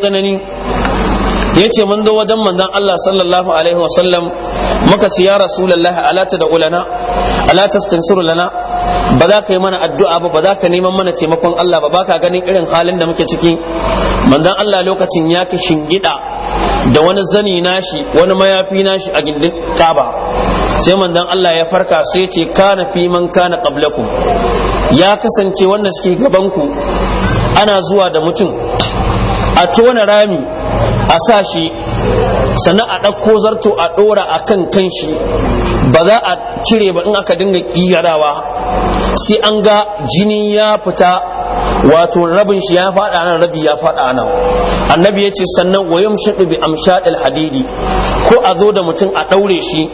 tsanani ya ce mun zo wajen manzon Allah sallallahu alaihi wasallam muka ce ya rasulullah ala ta da ala tastansiru lana ba za ka yi mana addu'a ba ba za ka neman mana taimakon Allah ba ba ka ganin irin halin da muke ciki manzon Allah lokacin ya ka shingida da wani zani nashi wani mayafi nashi a gindin kaba sai manzon Allah ya farka sai ce kana fi man kana qablakum ya kasance wannan suke gaban ku ana zuwa da mutum a tona rami a sa shi sannan a ɗauko zarto a ɗora a kan kanshi ba za a cire ba in aka dinga ƙiyarawa sai an ga jini ya fita wato rabin shi ya faɗa nan rabi ya faɗa nan annabi ya ce sannan wa yumshidu bi amshadil hadidi ko a zo da mutum a ɗaure shi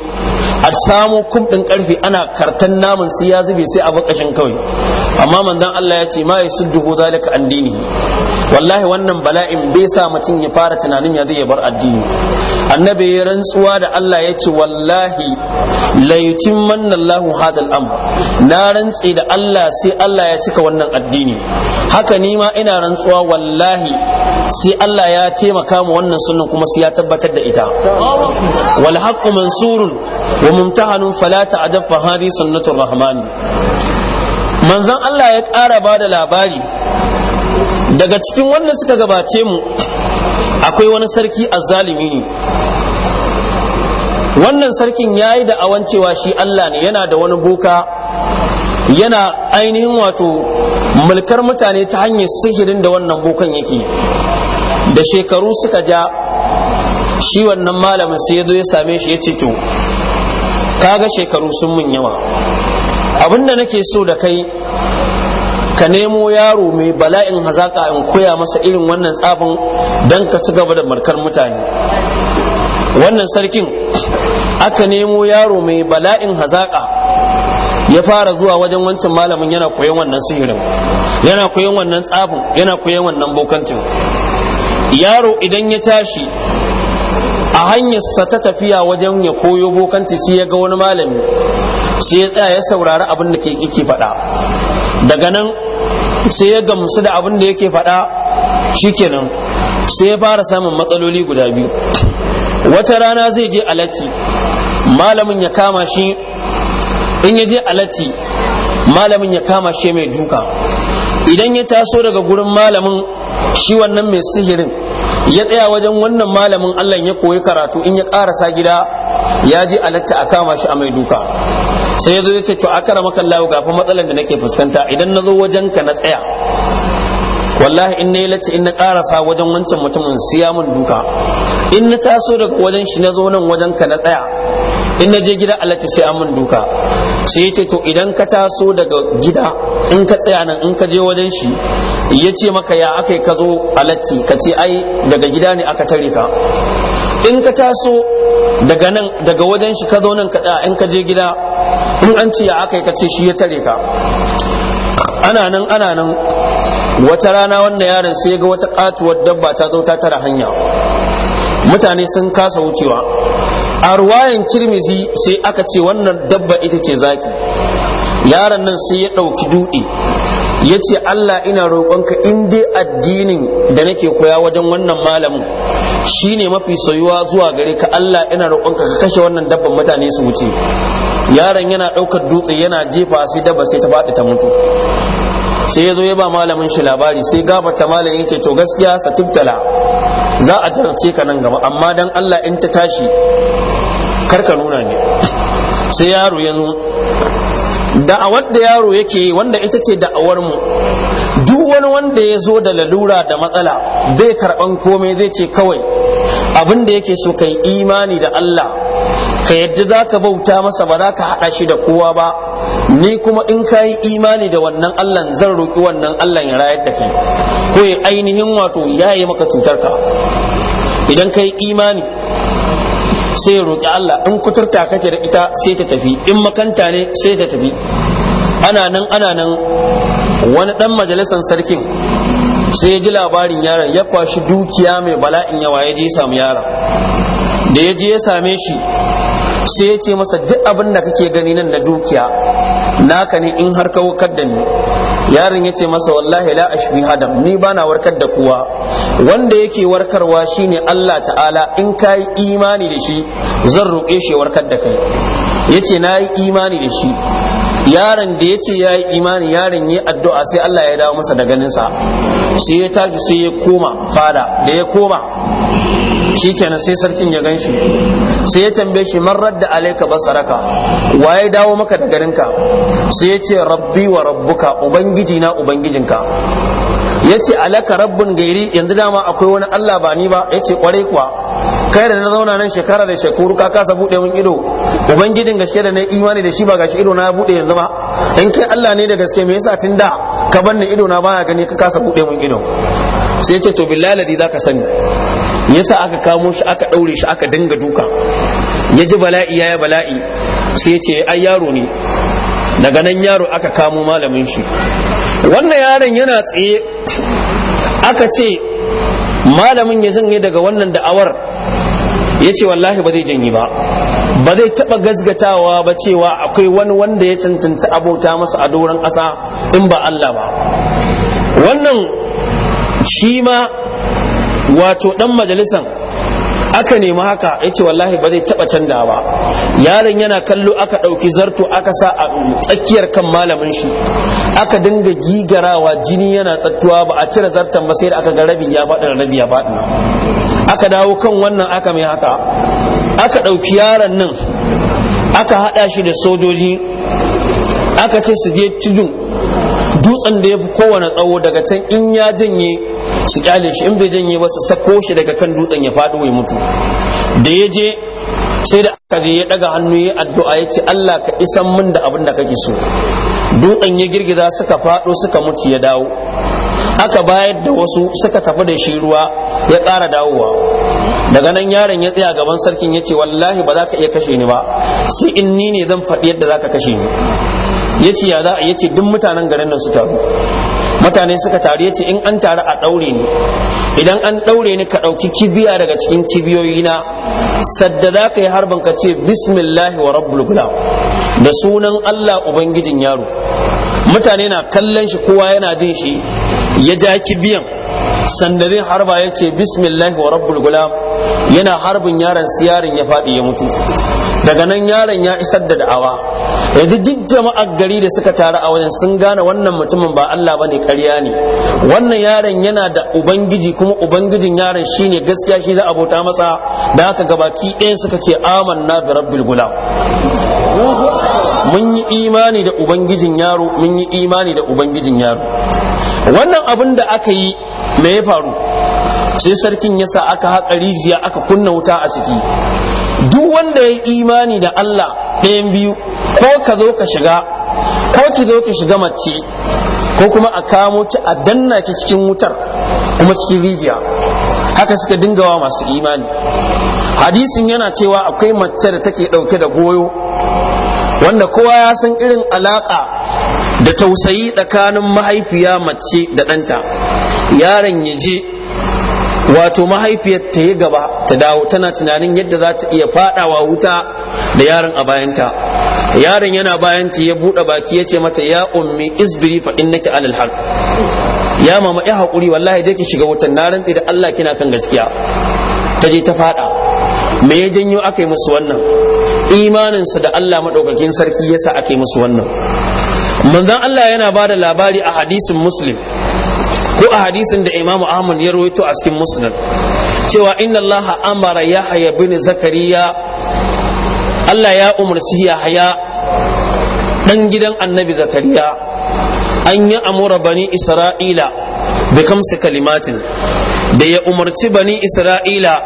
a samu kum din karfe ana kartan namun sai ya zube sai a bakashin kawai amma manzon Allah ya ce ma yasudduhu zalika an dini wallahi wannan bala'in bai sa mutum ya fara tunanin ya zai bar addini annabi ya rantsuwa da Allah ya ce wallahi la yutimmanna Allahu hadal amr na rantsi da Allah sai Allah ya cika wannan addini haka ni ma ina rantsuwa wallahi sai Allah ya taimaka mu wannan sunnan kuma sai ya tabbatar da ita wal haqqu mansurun mumtahanun فلا تعجب فهذه سنة الرحمن rahmani manzon Allah ya ƙara bada labari daga cikin wanda suka gabace mu akwai wani sarki azzalimi ne wannan sarkin ya yi da'awan cewa shi Allah ne yana da wani boka yana ainihin wato mulkar mutane ta hanyar sihirin da wannan bokan yake da shekaru suka ja shi wannan malamin sai ya zo ya same shi ya ce to kaga shekaru sun mun yawa abinda nake so da kai ka nemo yaro mai bala'in hazaka in koya masa irin wannan tsafin don ka ci gaba da markar mutane wannan sarkin aka nemo yaro mai bala'in hazaka ya fara zuwa wajen wancan malamin yana koyon wannan sihirin yana koyon wannan tsafin yana koyon wannan bokantin yaro idan ya tashi a hanyarsa ta tafiya wajen ya koyo bokanti sai ya ga wani malami sai ya tsaya ya saurari abin da ke faɗa daga nan sai ya gamsu da abin da yake faɗa shikenan sai ya fara samun matsaloli guda biyu wata rana zai je alati malamin ya kama shi in ya je alati malamin ya kama shi mai duka idan ya taso daga gurin malamin shi wannan mai sihirin ya tsaya wajen wannan malamin Allah ya koyi karatu in ya karasa gida ya ji alatta a kama shi a mai duka sai ya zo ya ce to a kara maka Allah ga fa matsalar da nake fuskanta idan na zo wajen ka na tsaya wallahi in na yi latti in na karasa wajen wancan mutumin siya mun duka in na taso daga wajen shi na zo nan wajen ka na tsaya in na je gida alati sai an mun duka sai yace to idan ka taso daga gida in ka tsaya nan in ka je wajen shi ya ce maka ya akai ka zo alatti ka ce ai daga gida ne aka tare ka in ka taso daga nan daga wajen shi ka zo nan ka tsaya in ka je gida in an ce ya akai ka ce shi ya tare ka ana nan ana nan wata rana wannan yaron sai ga wata katuwar dabba ta zo ta tara hanya mutane sun kasa wucewa a ruwayan kirmizi sai aka ce wannan dabba ita ce zaki yaron nan sai ya ɗauki dutse ya ce Allah ina roƙonka in dai addinin da nake koya wajen wannan malamin shi ne mafi soyuwa zuwa gare ka Allah ina roƙonka ka kashe wannan dabban mutane su wuce yaron yana ɗaukar dutse yana jefa sai dabba sai ta faɗi ta mutu sai ya zo ya ba malamin shi labari sai gabata malamin yake to gaskiya sa tuftala za a ka nan gaba amma dan Allah in ta tashi karka nuna ne sai yaro ya zo da'awar da yaro yake wanda ita ce da'awar mu duk wani wanda ya zo da lalura da matsala bai karban komai zai ce kawai abin da yake so kai imani da Allah ka yadda za ka bauta masa ba za ka haɗa shi da kowa ba ni kuma in ka yi imani da wannan Allah zan roƙi wannan Allah ya rayar da kai ko ya ainihin wato ya yi maka cutar idan ka yi imani sai ya roƙi Allah in kuturta kake da ita sai ta tafi in makanta ne sai ta tafi ana nan ana nan wani dan majalisar sarkin sai ya ji labarin yaron ya kwashi dukiya mai bala'in yawa ya je ya samu yaron da ya je ya same shi sai ya ce masa duk abin da kake gani nan na dukiya naka ne in har kawo wukar ne. yaron ya ce masa wallahi la ashbi hadam ni bana warkar da kowa wanda yake warkarwa shine Allah ta'ala in ka yi imani da shi zan roƙe shi warkar da kai ya ce na yi imani da shi yaron da ya ce ya yi imani yaron ya addu'a sai Allah ya dawo masa da ganinsa sai ya tashi sai ya koma fada da ya koma kenan sai sarkin ya gan shi sai ya tambaye shi marar da alaika basaraka ya dawo maka da ganinka sai ya ce rabbi wa rabbuka ubangiji na ubangijinka ya ce alaka rabbin gairi yanzu dama akwai wani Allah ba ni ba ya ce kwarai kuwa kai da na zauna nan shekara da shekuru ka kasa bude mun ido ubangijin gaske da na imani da shi ba gashi ido na bude yanzu ba in kai Allah ne da gaske me yasa tun da ka bar ni ido na baya gani ka kasa bude mun ido sai ce to billahi ladhi zaka sani yasa aka kamo shi aka daure shi aka dinga duka ya ji bala'i ya bala'i sai ce ai yaro ne daga nan yaro aka kamo malamin shi wannan yaron yana tsaye aka ce malamin ya zanye daga wannan da'awar ya ce wallahi ba zai janyi ba ba zai taɓa gazgatawa ba cewa akwai wani wanda ya cancanta abota masa a doron ƙasa in ba Allah ba wannan shi ma wato ɗan majalisan aka nemi haka ya ce wallahi ba zai taɓa canda ba yaron yana kallo aka ɗauki zarto aka sa a tsakiyar kan malamin shi aka dinga gigarawa jini yana tsattuwa ba a cire zartan ba sai da aka ga rabin ya faɗi rabi ya faɗi aka dawo kan wannan aka mai haka aka ɗauki yaron nan aka haɗa shi da sojoji aka ce su je tudun dutsen da ya fi kowane tsawo daga can in ya janye su kyale shi in bai janye ba su sako shi daga kan dutsen ya fado ya mutu da ya je sai da aka je ya daga hannu ya addu'a ya ce Allah ka isan min da abin da kake so dutsen ya girgiza suka faɗo suka mutu ya dawo haka bayar da wasu suka tafi da shi ruwa ya ƙara dawowa daga nan yaron ya tsaya gaban sarkin ya ce wallahi ba za ka iya kashe ni ba sai in ni ne zan faɗi yadda za ka kashe ni ya ce ya za a yi ce duk mutanen garin nan su taru mutane suka taru ce in an taru a daure ni idan an daure ni ka ɗauki kibiya daga cikin kibiyoyi na sadda za ka yi harbin ka ce bismillahi wa rabbul gulam da sunan Allah ubangijin yaro mutane na kallon shi kowa yana jin shi ya ja kibiyan sanda zai harba ya ce bismillahi wa rabbul gulam yana harbin yaron siyarin ya faɗi ya mutu daga nan yaron ya isar da da'awa yanzu duk jama'ar gari da suka taru a wajen sun gane wannan mutumin ba Allah ne karya ne wannan yaron yana da ubangiji kuma ubangijin yaron shine gaskiya shi za a bauta masa da haka gabaki ɗaya suka ce amanna bi rabbil gulam mun yi imani da ubangijin yaro mun yi imani da ubangijin yaro wannan abin da aka yi me ya faru sai sarkin ya sa aka haƙa rijiya aka kunna wuta a ciki duk wanda ya imani da Allah ɗayan biyu ko ka zo ka shiga ko ki zo ki shiga mace ko kuma a kamo ki a danna ki cikin wutar kuma cikin rijiya haka suka dingawa masu imani hadisin yana cewa akwai mace da take ɗauke da goyo wanda kowa ya san irin alaƙa da tausayi tsakanin mahaifiya mace da ɗanta yaron ya je wato mahaifiyar ta yi gaba ta dawo tana tunanin yadda za ta iya fadawa wuta da yaron a bayanta yaron yana bayanta ya buɗe baki ya ce mata ya ummi isbiri fa innaki alal har. ya mama ya haƙuri wallahi dai ki shiga wutan na rantsi da Allah kina kan gaskiya ta je ta fada me ya janyo aka yi musu wannan imaninsa da Allah maɗaukakin sarki yasa aka yi musu wannan manzon Allah yana bada labari a hadisin muslim a hadisin da Imam Ahmad ya rawaito a cikin Musnad cewa inna Allah amara Yahya bin Zakariya Allah ya umarci Yahya dan gidan Annabi Zakariya an yi amura bani Isra'ila da kamsi kalimatin da ya umarci bani Isra'ila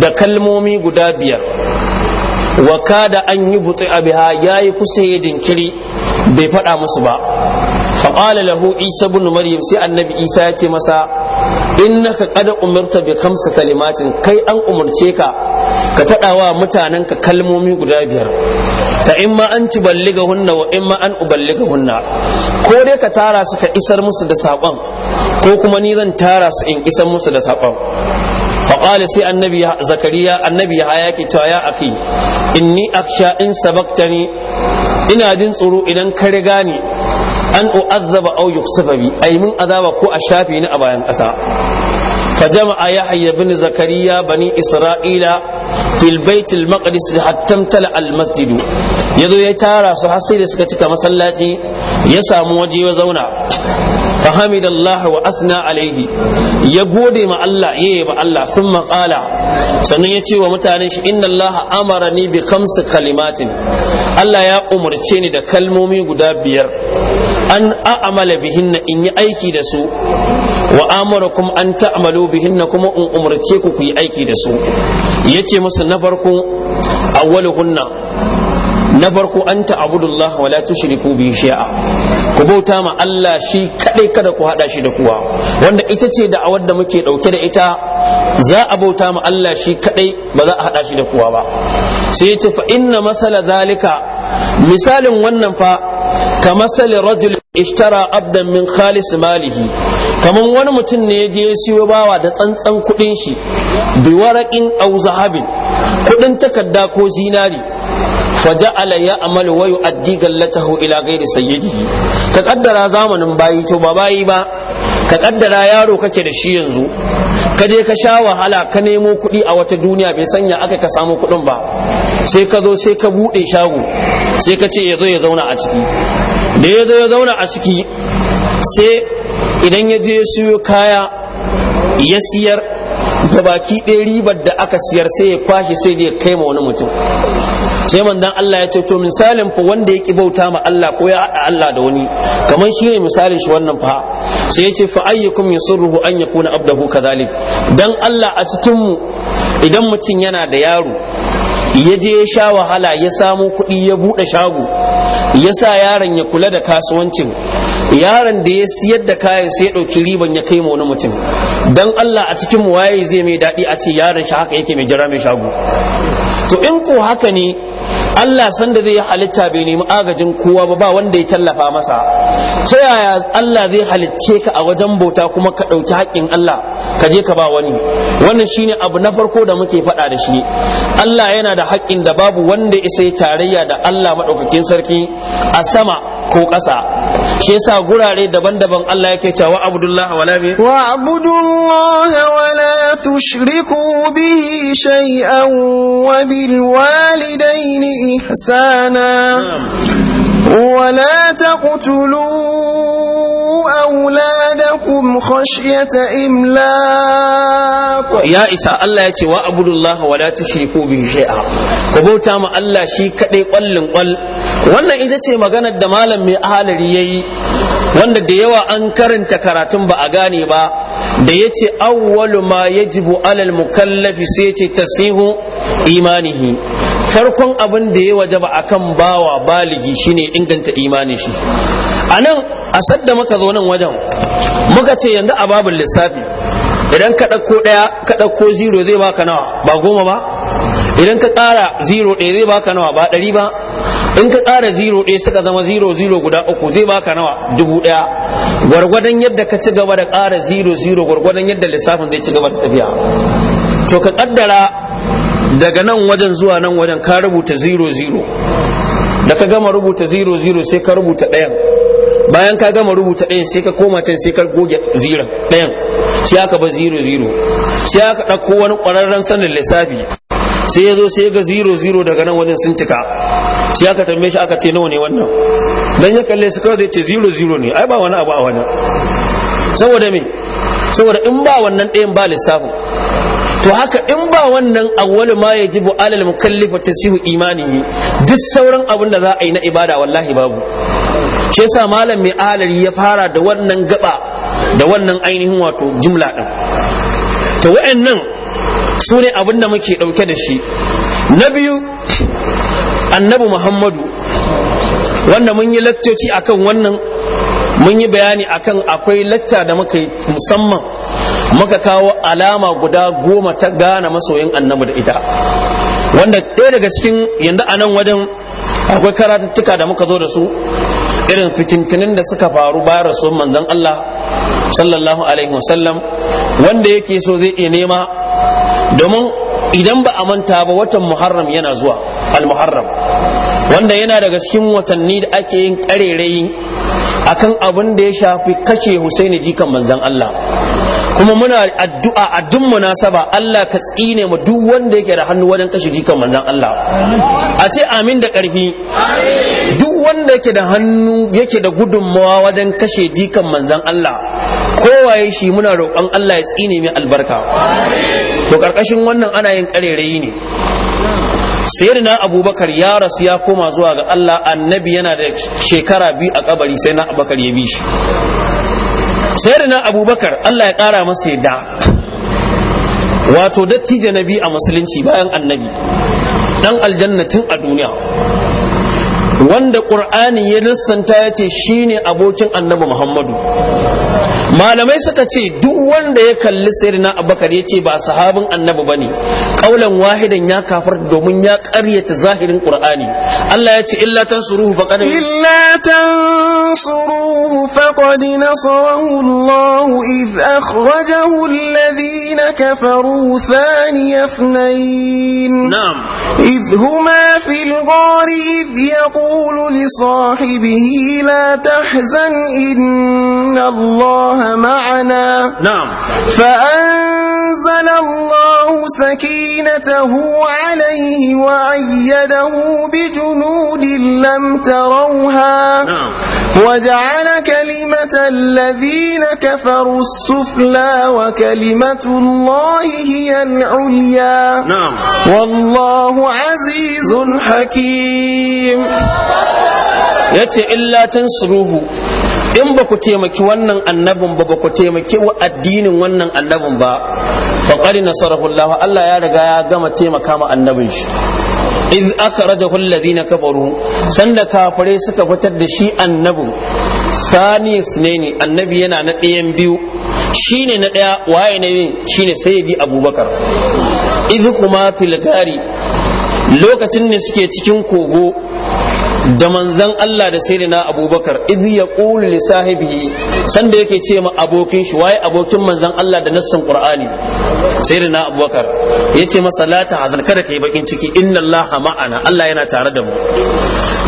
da kalmomi guda biyar wa kada an yi butu abiha yi kusa ya jinkiri bai faɗa musu ba فقال له عيسى بن مريم سي النبي عيسى يتي مسا إنك قد أمرت بخمس كلمات كي أن أمرتك كتدعوا متاننك كلمومي قدابير فإما أن تبلغهن وإما أن أبلغهن كوري كتارا سك إسر مسد ساقم كوكما نيذن تارا سإن إسر مسد ساقم فقال سي النبي زكريا النبي هياكي تايا أخي إني أخشى إن سبقتني ina jin tsoro idan ka riga ni an u'azzaba aw yuksafa bi ay mun azaba ko a shafe ni a bayan ƙasa فجمع يحيى بن زكريا بني إسرائيل في البيت المقدس حتى امتلأ المسجد يدو يتارى سحصير سكتك مسلاتي يسام وجي وزونا فحمد الله وأثنى عليه يقول مع الله يب الله ثم قال سنيتي ومتانيش إن الله أمرني بخمس كلمات الله يا أمرتيني دا كلمومي قدابير an a'amala bihinna in yi aiki da su wa kuma an ta'malu bihinna kuma in umarce ku ku yi aiki da su yace musu na farko hunna na farko an ta'budullah wa la tushriku bihi shay'a ku bauta ma Allah shi kadai kada ku hada shi da kowa wanda ita ce da awar da muke dauke da ita za a bauta ma Allah shi kadai ba za a hada shi da kuwa ba sai ta fa inna masala zalika misalin wannan fa kamasali rajul ishtara abdan min khalis malihi kaman wani mutum ne ya je ya siyo bawa da tsantsan kudin shi bi waraƙin aw zahabin kudin takarda ko zinari فجعل يعمل ويؤدي غلته الى غير سيده ka kaddara zamanin bayi to ba bayi ba ka kaddara yaro kake da shi yanzu ka je ka sha wahala ka nemo kuɗi a wata duniya bai sanya aka ka samu kuɗin ba sai ka zo sai ka buɗe shago sai ka ce yazo ya zauna a ciki da ya ya zauna a ciki sai idan ya je siyo kaya ya siyar baki ɗaya ribar da aka siyar sai ya kwashe sai ya kai ma wani mutum sai manzon Allah ya ce to misalin fa wanda ya ki bauta ma Allah ko ya haɗa Allah da wani kamar shi ne misalin shi wannan fa sai ya ce fa ayyukum yusurruhu an yakuna abdahu kadhalik dan Allah a cikin mu idan mutum yana da yaro ya je ya sha wahala ya samu kuɗi ya buɗe shago ya sa yaron ya kula da kasuwancin yaron da ya siyar da kayan sai ya ɗauki riban ya kai ma wani mutum don Allah a cikin waye zai mai daɗi a ce yaron shi haka yake mai jira mai shago to in ko haka ne Allah sanda zai halitta bai nemi agajin kowa ba ba wanda ya tallafa masa ta yaya Allah zai halicce ka a wajen bauta kuma ka ɗauki haƙƙin Allah ka je ka ba wani wannan shine abu na farko da muke faɗa da shi Allah yana da haƙƙin da babu wanda isa tarayya da Allah maɗaukakin sarki a sama ko ƙasa shi yasa gurare daban-daban Allah yake cewa wa abdullahi wa bi wa abdullahi wala tushriku bihi shay'an wa bil walidaini ihsana ولا تقتلوا أولادكم خشية إملاق يا إساء الله يتي وأبد الله ولا تشركوا به شيئا كبوتا ما الله شي كدي قل قل وانا إذا تي مغانا الدمالا من أهل ريي wanda da yawa an karanta karatun ba a gane ba da ya ce awwalu ma yajibu alal mukallafi sai ce tasihu imanihi farkon abin da ya wajaba akan bawa baligi shine inganta imani shi a nan a sadda maka zo nan wajen muka ce yanzu a babin lissafi idan ka ɗauko ɗaya ka ɗauko zero zai baka nawa ba goma ba idan ka ƙara zero ɗaya zai baka nawa ba ɗari ba in ka ƙara zero ɗaya suka zama zero zero guda uku zai baka nawa dubu ɗaya gwargwadon yadda ka ci gaba da ƙara zero zero gwargwadon yadda lissafin zai ci gaba da tafiya to ka ƙaddara daga nan wajen zuwa nan wajen ka rubuta 00 da ka gama rubuta 00 sai ka rubuta ɗayan bayan ka gama rubuta ɗayan sai ka koma can sai ka goge ziran ɗayan sai aka ba 00 sai aka ɗauko wani ƙwararren sanin lissafi sai ya zo sai ya ga 00 daga nan wajen sun cika sai aka tambaye shi aka ce nawa ne wannan dan ya kalle su kawai ce 00 ne ai ba wani abu a wajen saboda me saboda in ba wannan ɗayan ba lissafin to haka in ba wannan awwal ma yajibu alal mukallifa tasihu imanihi duk sauran abin da za a yi na ibada wallahi babu ke yasa malam mai alari ya fara da wannan gaba da wannan ainihin wato jumla din to wa'annan su ne abin da muke dauke da shi na biyu annabi muhammadu wanda mun yi lattoci akan wannan mun yi bayani akan akwai latta da muka yi musamman muka kawo alama guda goma ta gane masoyin annabi da ita wanda ɗaya daga cikin yanzu a nan wajen akwai karatattuka da muka zo da su irin fitintinin da suka faru bayan rasu manzon Allah sallallahu alaihi wasallam wanda yake so zai iya nema domin idan ba a manta ba watan muharram yana zuwa al-muharram wanda yana daga cikin watanni da ake yin karerayi akan abin da ya shafi kashe Husaini jikan manzon Allah kuma muna addu'a a duk munasaba Allah ka tsine mu duk wanda yake da hannu wajen kashe jikan manzon Allah a ce amin da karfi duk wanda yake da hannu yake da gudunmawa wajen kashe jikan manzon Allah kowaye shi muna roƙon Allah ya tsine mai albarka to karkashin wannan ana yin karerayi ne sayyidina abubakar ya rasu ya koma zuwa ga Allah annabi yana da shekara biyu a kabari sai na abubakar ya bi shi sayyidina abubakar Allah ya kara masa yadda wato dattijo nabi a musulunci bayan annabi dan aljannatin a duniya wanda ƙur'ani ya lissanta ya ce shine abokin annabi muhammadu malamai suka ce duk wanda ya kalli sayyidina abubakar ya ce ba sahabin annabi ba ne ƙaulan wahidan ya kafar domin ya ƙaryata zahirin ƙur'ani allah ya ce illa tansuruhu faqad illa tansuruhu faqad nasarahu allah idh akhrajahu alladhina kafaru thaniya اثنين نعم إذ هما في الغار إذ يقول يقول لصاحبه لا تحزن إن الله معنا نعم فأنزل الله الله سكينته عليه وأيده بجنود لم تروها نعم. وجعل كلمة الذين كفروا السفلى وكلمة الله هي العليا نعم. والله عزيز حكيم يتي إلا تنصروه in ba ku taimaki wannan annabin ba ba ku taimaki wa addinin wannan annabin ba faqali nasarahu Allah Allah ya riga ya gama taimaka ma annabin shi iz akhrajahu alladhina kafaru sanda kafare suka fitar da shi annabin sani ne annabi yana na ɗayan biyu shine na ɗaya waye ne shine bi abubakar iz kuma fil lokacin ne suke cikin kogo da manzan Allah da sayyidina abubakar ya yaqulu li sahibihi sanda yake ce ma abokin shi waye abokin manzan Allah da nassin qur'ani sayyidina abubakar yace masa la hazan kada kai bakin ciki inna Allah ma'ana Allah yana tare da mu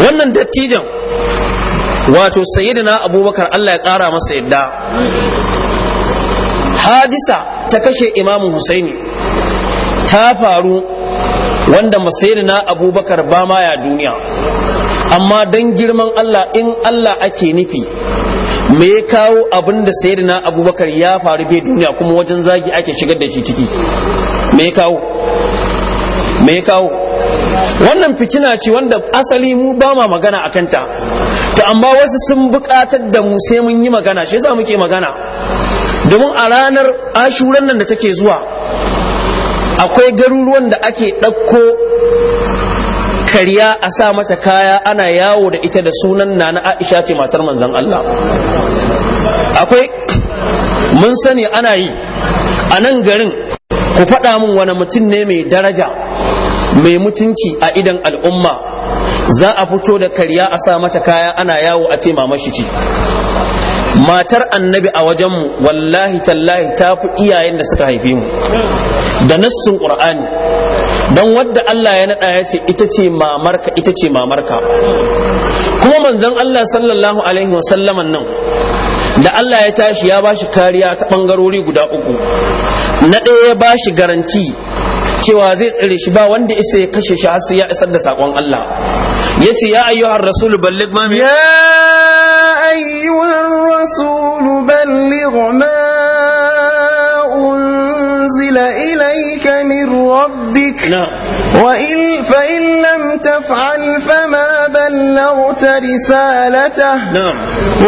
wannan dattijan wato sayyidina abubakar Allah ya kara masa yadda hadisa ta kashe Imam husaini ta faru wanda masayyidina abubakar ba ma ya duniya amma dan girman Allah in Allah ake nufi me ya kawo abin da na abubakar ya faru bai duniya kuma wajen zagi ake shigar da shi ciki me ya kawo me ya kawo wannan fitina ce wanda asali mu ba ma magana a kanta to amma wasu sun bukatar da mu sai mun yi magana shi yasa muke magana domin a ranar ashuran nan da take zuwa akwai garuruwan da ake ɗauko karya a sa mata kaya ana yawo da ita da sunan na na aisha ce matar manzan Allah akwai mun sani ana yi a nan garin ku faɗa min wani mutum ne mai daraja mai mutunci a idan al'umma za a fito da karya a sa mata kaya ana yawo a ce mamashi ce matar annabi a wajenmu wallahi tallahi ta fi iyayen da suka haife mu da nassin qur'ani don wadda Allah ya naɗa ya ce ita ce mamarka ita ce mamarka kuma manzon Allah sallallahu alaihi wasallaman nan da Allah ya tashi ya bashi kariya ta ɓangarori guda uku na ɗaya ya bashi garanti cewa zai tsire shi ba wanda isa ya kashe shi har sai ya isar da sakon Allah yace ya ayyuhar rasul balligh ma الرسول بلغ ما أنزل إليك من ربك نعم. وإن فإن لم تفعل فما بلغت رسالته نعم.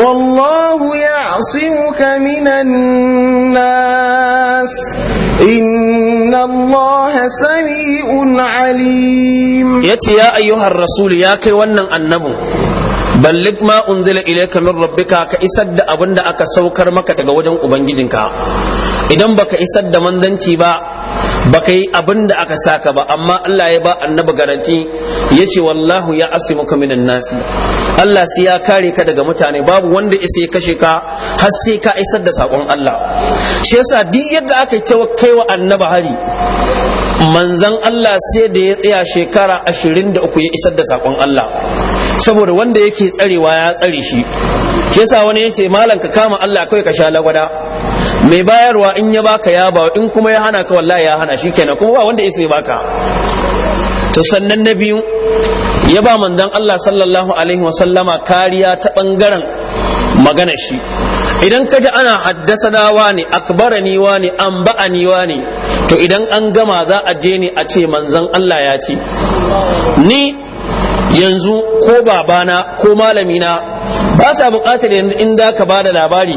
والله يعصمك من الناس إن الله سميع عليم يتي يا أيها الرسول يا كي ونن النبو ballik ma unzila ilayka min rabbika ka isar da abin da aka saukar maka daga wajen ubangijinka idan baka isar da manzanci ba baka yi abin da aka saka ba amma Allah ya ba annabi garanti yace wallahu ya asimuka minan nasi Allah sai ya kare ka daga mutane babu wanda isa ya kashe ka har sai ka isar da sakon Allah shi yasa duk yadda aka yi wa annabi hari manzan Allah sai da ya tsaya shekara ashirin da uku ya isar da sakon Allah saboda wanda yake tsarewa ya tsare shi Ke sa wani yace malam ka kama Allah kai ka sha lagwada mai bayarwa in ya baka ya ba in kuma ya hana ka wallahi ya hana shikenan kuma ba wanda isa ya baka to sannan na biyu ya ba manzon Allah sallallahu alaihi wa sallama kariya ta bangaren magana shi idan ka ji ana haddasa wani akbarani wani an ba'ani wani to idan an gama za a je ni a ce manzon Allah ya ce ni yanzu ko babana ko malamina ba sa buƙatar in da ka da labari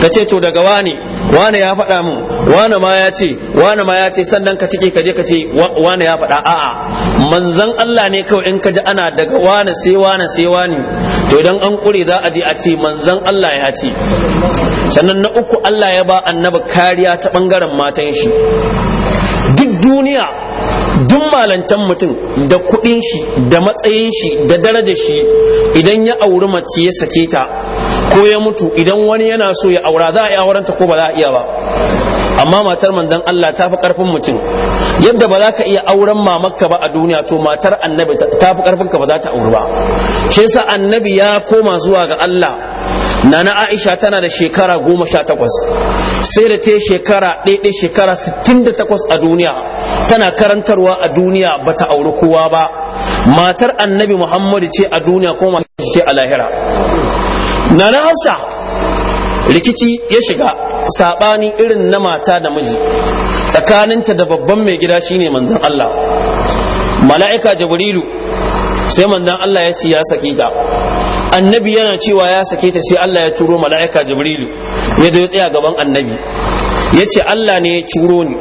ka ce to daga wane wane ya faɗa min wane ma ya ce wane ma ya ce sannan ka cike ka je ka ce wane ya faɗa a'a manzan Allah ne kawai in ka ji ana daga wane sai wane sai wane to idan an kure za a je a ce manzan Allah ya ce sannan na uku Allah ya ba annabi kariya ta bangaren matan shi duk duniya duk malancan mutum da kuɗin shi da matsayin shi da darajar shi idan ya auri mace ya sake ta ko ya mutu idan wani yana so ya aura za a iya aurenta ko ba za a iya ba amma matar manzon Allah ta fi karfin mutum yadda ba za ka iya auren mamakka ba a duniya to matar annabi ta fi karfin ka ba za ta auri ba shi yasa annabi ya koma zuwa ga Allah nana aisha tana da shekara goma sha takwas sai da ta yi shekara ɗaiɗai shekara sittin da takwas a duniya tana karantarwa a duniya ba ta auri kowa ba matar annabi muhammadu ce a duniya ko matar ce a lahira nana hausa rikici ya shiga saɓani irin na mata da miji tsakaninta da babban mai gida shine manzon allah mala'ika jibrilu sai manzon Allah ya ce ya sake ta annabi yana cewa ya sake ta sai Allah ya turo mala'ika jibrilu ya da ya tsaya gaban annabi ya ce Allah ne ya turo ni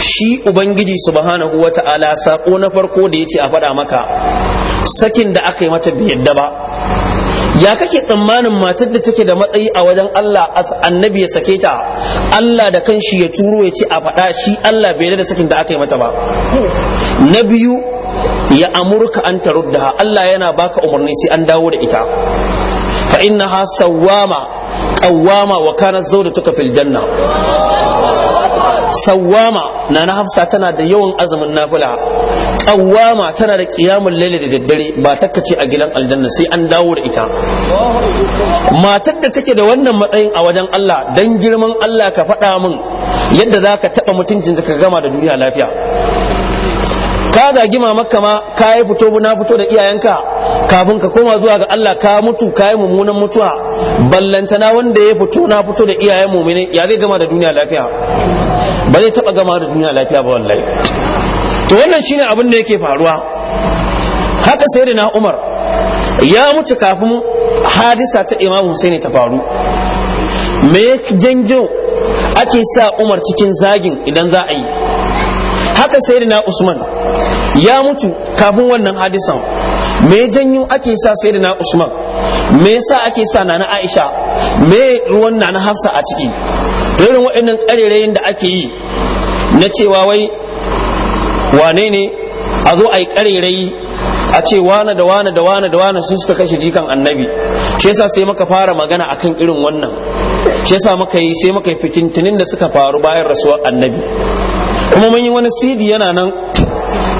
shi ubangiji subhanahu wa ta'ala sako na farko da ya ce a faɗa maka sakin da aka yi mata bai yadda ba ya kake tsammanin matar da take da matsayi a wajen Allah as annabi ya sake ta Allah da kanshi ya turo ya ce a faɗa shi Allah bai da sakin da aka yi mata ba na biyu ya amurka an taruddaha Allah yana baka umarni sai an dawo da ita fa innaha sawwama qawwama wa kanat zawdatuka fil janna sawwama na na hafsa tana da yawan azumin nafila qawwama tana da qiyamul layli da daddare ba takkace a gidan aljanna sai an dawo da ita matar da take da wannan matsayin a wajen Allah dan girman Allah ka faɗa min yadda zaka taɓa mutuncin ka gama da duniya lafiya ka zagi mamakka ma ka yi fito na fito da iyayenka kafin ka koma zuwa ga Allah ka mutu ka yi mummunan mutuwa ballantana wanda ya fito na fito da iyayen mumine ya zai gama da duniya lafiya ba zai taba gama da duniya lafiya ba wallahi to wannan shine abin da yake faruwa haka da sai na Umar ya mutu kafin hadisa ta Imam Husaini ta faru me janjo ake sa Umar cikin zagin idan za a yi haka sayyidina usman ya mutu kafin wannan hadisan me janyo ake sa sayyidina usman me yasa ake sa nana aisha me ruwan nana hafsa a ciki to irin waɗannan ƙarerayin da ake yi na cewa wai wane ne a zo a yi ƙarerayi a ce wane da wane da wane da wane su suka kashe jikan annabi shi yasa sai muka fara magana akan irin wannan shi yasa muka yi sai muka yi fitintinin da suka faru bayan rasuwar annabi kuma mun yi wani cd yana nan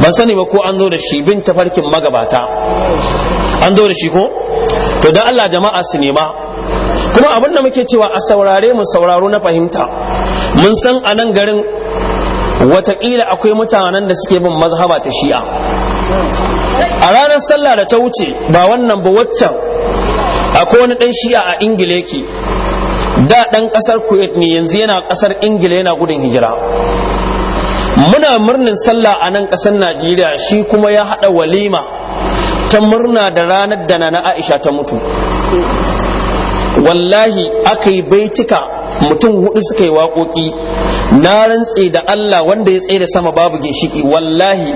ban sani ba ko an zo da shi bin tafarkin magabata an zo da shi ko to dan Allah jama'a su nema kuma abin da muke cewa a saurare mu sauraro na fahimta mun san a nan garin wataƙila akwai mutanen da suke bin mazhaba ta shi'a a ranar sallah da ta wuce ba wannan ba waccan akwai wani ɗan shi'a a ingila yake da ɗan ƙasar kuwait ne yanzu yana ƙasar ingila yana gudun hijira muna murnin sallah a nan ƙasar najeriya shi kuma ya haɗa walima ta murna da ranar da na aisha ta mutu wallahi aka yi baitika mutum hudu suka yi waƙoƙi na rantse da Allah wanda ya tsaye da sama babu ginshiki wallahi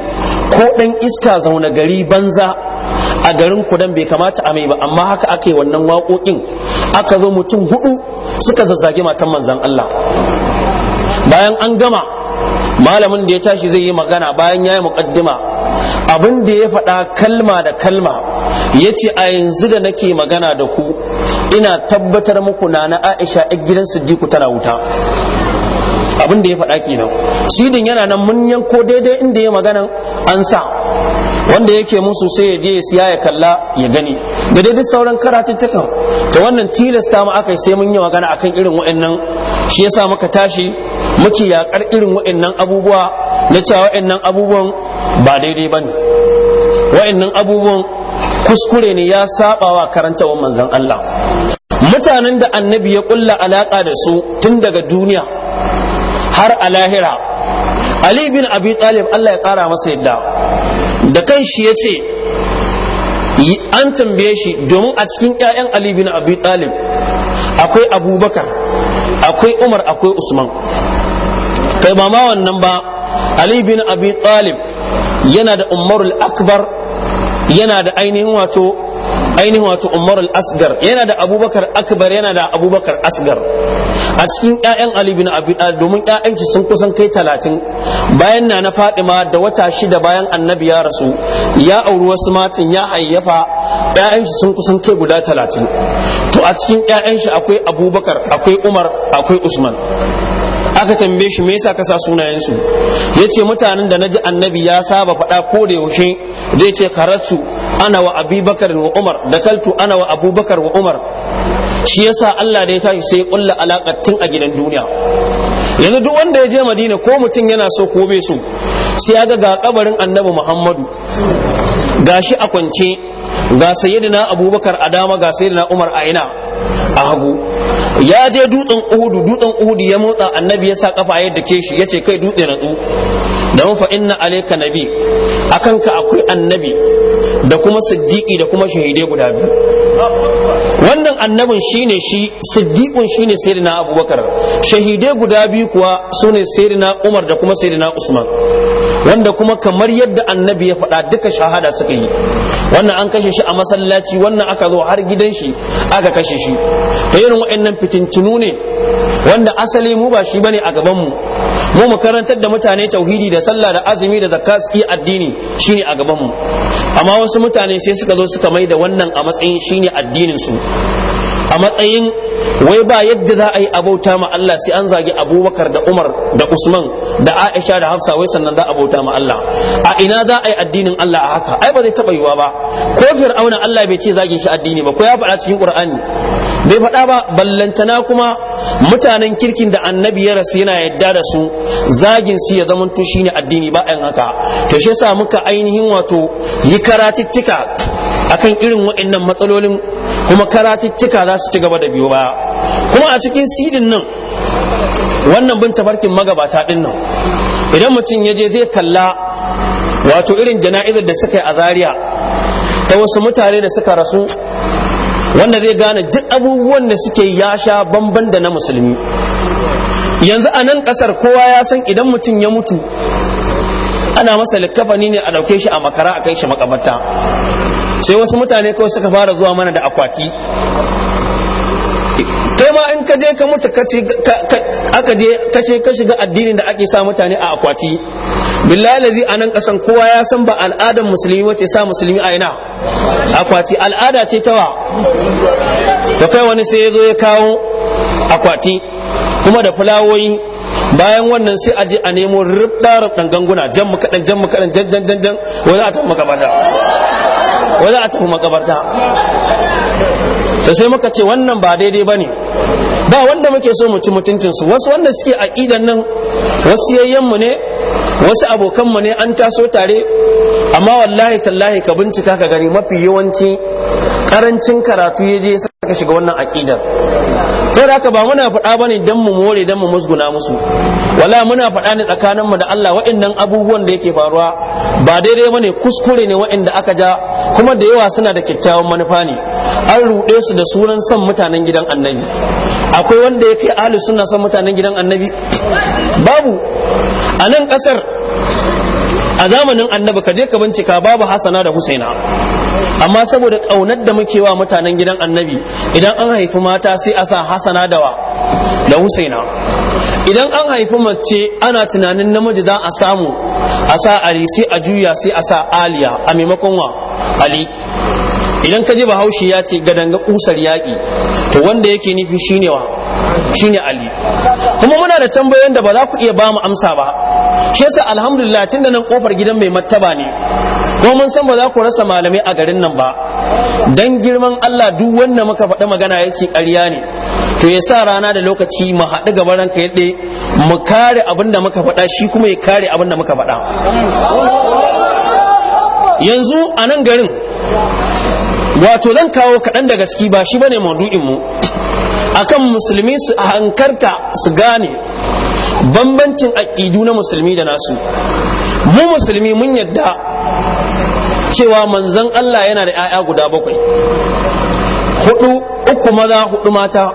ko ɗan iska zaune gari banza a garin kudan bai kamata a mai ba amma haka aka yi wannan waƙoƙin aka zo mutum hudu suka zazzage matan manzan Allah bayan an gama malamin da ya tashi zai yi magana bayan ya yi muƙaddima abin da ya faɗa kalma da kalma ya ce a yanzu da nake magana da ku ina tabbatar muku na na aisha a gidan siddiku tana wuta abin da ya faɗa kenan sidin yana nan mun yanko daidai inda ya magana an sa wanda yake musu sai ya je ya siya ya kalla ya gani da dai duk sauran karatuttukan ta wannan tilasta mu akai sai mun yi magana akan irin wa'annan shi yasa muka tashi muke yakar irin wa'annan abubuwa na cewa wa'annan abubuwan ba daidai bane wa'annan abubuwan kuskure ne ya wa karantawan manzon Allah mutanen da annabi ya kulla alaka da su tun daga duniya har a lahira ali bin abi talib Allah ya kara masa yadda da kanshi ya ce an tambaye shi domin a cikin 'ya'yan ali bin abi talib akwai abubakar akwai umar akwai usman kai ba ma wannan ba ali bin abi talib yana da umarul akbar yana da ainihin wato ainihin wato umar al-asgar yana da abubakar akbar yana da abubakar asgar a cikin 'ya'yan ali bin abi domin 'ya'yanki sun kusan kai talatin bayan na na fadima da wata shida bayan annabi ya rasu ya auri wasu matan ya hayyafa 'ya'yanki sun kusan kai guda talatin to a cikin 'ya'yan shi akwai abubakar akwai umar akwai usman aka tambaye shi me yasa ka sa sunayensu ya ce mutanen da naji annabi ya saba faɗa ko da yaushe zai ce karatu ana wa abubakar wa umar da kaltu ana wa abubakar wa umar shi yasa Allah da ya tashi sai ya kulla alaƙar a gidan duniya yanzu duk wanda ya je madina ko mutum yana so ko bai so sai ya ga ga kabarin annabi muhammadu gashi a kwance ga sayyidina abubakar a dama ga sayyidina umar a ina a hagu ya je dutsen uhudu dutsen uhudu ya motsa annabi ya sa kafa da ke shi ya ce kai dutse na tsu don fa inna alayka nabi akan ka akwai annabi da kuma siddiki da kuma shahidai guda biyu wannan annabin shine shi siddiqun shine sayyidina abubakar shahidai guda biyu kuwa sune sayyidina umar da kuma sayyidina usman wanda kuma kamar yadda annabi ya faɗa duka shahada suka yi wannan an kashe shi a masallaci wannan aka zo har gidan shi aka kashe shi ta irin waɗannan fitintunu ne wanda asali mu ba shi bane a gaban mu mu mu karantar da mutane tauhidi da sallah da azumi da zakka su iya addini shine a gaban mu amma wasu mutane sai suka zo suka mai da wannan a matsayin shine addinin su a matsayin wai ba yadda za a yi abauta ma Allah sai an zagi abubakar da umar da usman da aisha da hafsa wai sannan za a bauta ma Allah a ina za a yi addinin Allah a haka ai ba zai taba yiwa ba ko fir'auna Allah bai ce zagin shi addini ba ko ya faɗa cikin qur'ani bai faɗa ba ballantana kuma mutanen kirkin da annabi ya rasu yana yadda da su zagin su ya zamanto shine addini ba ɗan haka to shi yasa muka ainihin wato yi karatittika akan irin waɗannan matsalolin kuma karatuttuka za su ci gaba da biyo baya kuma a cikin sidin nan wannan bin tafarkin magabata din nan idan mutum ya je zai kalla wato irin jana'izar da suka yi a zaria ta wasu mutane da suka rasu wanda zai gane duk abubuwan da suke yasha sha bamban da na musulmi yanzu a nan kasar kowa ya san idan mutum ya mutu ana masa likafani ne a dauke shi a makara a kai shi makabarta sai wasu mutane kawai suka fara zuwa mana da akwati kai ma in ka je ka mutu aka je kashe ka shiga addinin da ake sa mutane a akwati billahi lazi a nan kasan kowa ya san ba al'adar musulmi wace sa musulmi a ina akwati al'ada ce tawa to kai wani sai ya ya kawo akwati kuma da fulawoyi bayan wannan sai a je a nemo rubda rubdan ganguna jan mu kadan jan mu kadan jan jan jan wani a tafi makabarta wani a tafi makabarta ta sai muka ce wannan ba daidai ba ne, ba wanda muke so mu ci mutuncin su wasu wanda suke aqidan nan wasu yayyan mu ne wasu abokan mu ne an taso tare amma wallahi tallahi ka bincika ka gani mafi yawanci karancin karatu ya je saka shiga wannan aƙidar. sai da ba muna faɗa ba ne don mu more don mu musguna musu wala muna faɗa ne tsakanin mu da Allah waɗannan abubuwan da yake faruwa ba daidai bane kuskure ne waɗanda aka ja kuma da yawa suna da kyakkyawan manufa ne an ruɗe su da sunan son mutanen gidan annabi akwai wanda ya kai ahli sunna son mutanen gidan annabi babu a nan ƙasar a zamanin annabi ka je ka bincika babu hasana da husaina amma saboda ƙaunar da muke wa mutanen gidan annabi idan an haifi mata sai a sa hasana da wa da husaina idan an haifi mace ana tunanin namiji za a samu a sa ali sai a juya sai a sa aliya a maimakon wa ali idan ka ji bahaushe ya ce gadanga kusar yaƙi to wanda yake nufi shine wa shine ali kuma muna da tambayoyin da ba za ku iya ba mu amsa ba shi yasa alhamdulillah da nan kofar gidan mai martaba ne kuma mun san ba za ku rasa malamai a garin nan ba dan girman Allah duk wanda muka faɗi magana yake ƙarya ne to ya sa rana da lokaci mu haɗu gaba ranka yadda mu kare abin da muka faɗa shi kuma ya kare abin da muka faɗa yanzu a nan garin wato zan kawo kaɗan daga ciki ba shi bane mu akan musulmi su hankarta su gane bambancin aƙidu na musulmi da nasu mu musulmi mun yadda cewa manzon Allah yana da 'ya'ya guda bakwai hudu uku maza hudu mata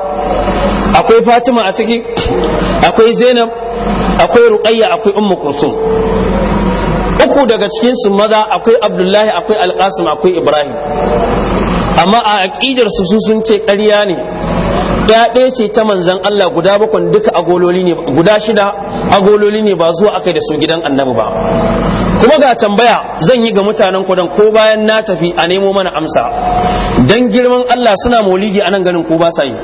akwai fatima a ciki akwai zainab akwai ruqayya akwai ummu kulsum uku daga cikin su maza akwai abdullahi akwai alqasim akwai ibrahim amma a aqidar su sun ce ƙarya ne ya ɗaya ce ta manzan Allah guda bakwai duka agololi ne guda shida agololi ne ba zuwa aka da su gidan annabi ba kuma ga tambaya zan yi ga mutanen kudan ko bayan na tafi a nemo mana amsa dan girman Allah suna maulidi a nan ganin ko ba sa yi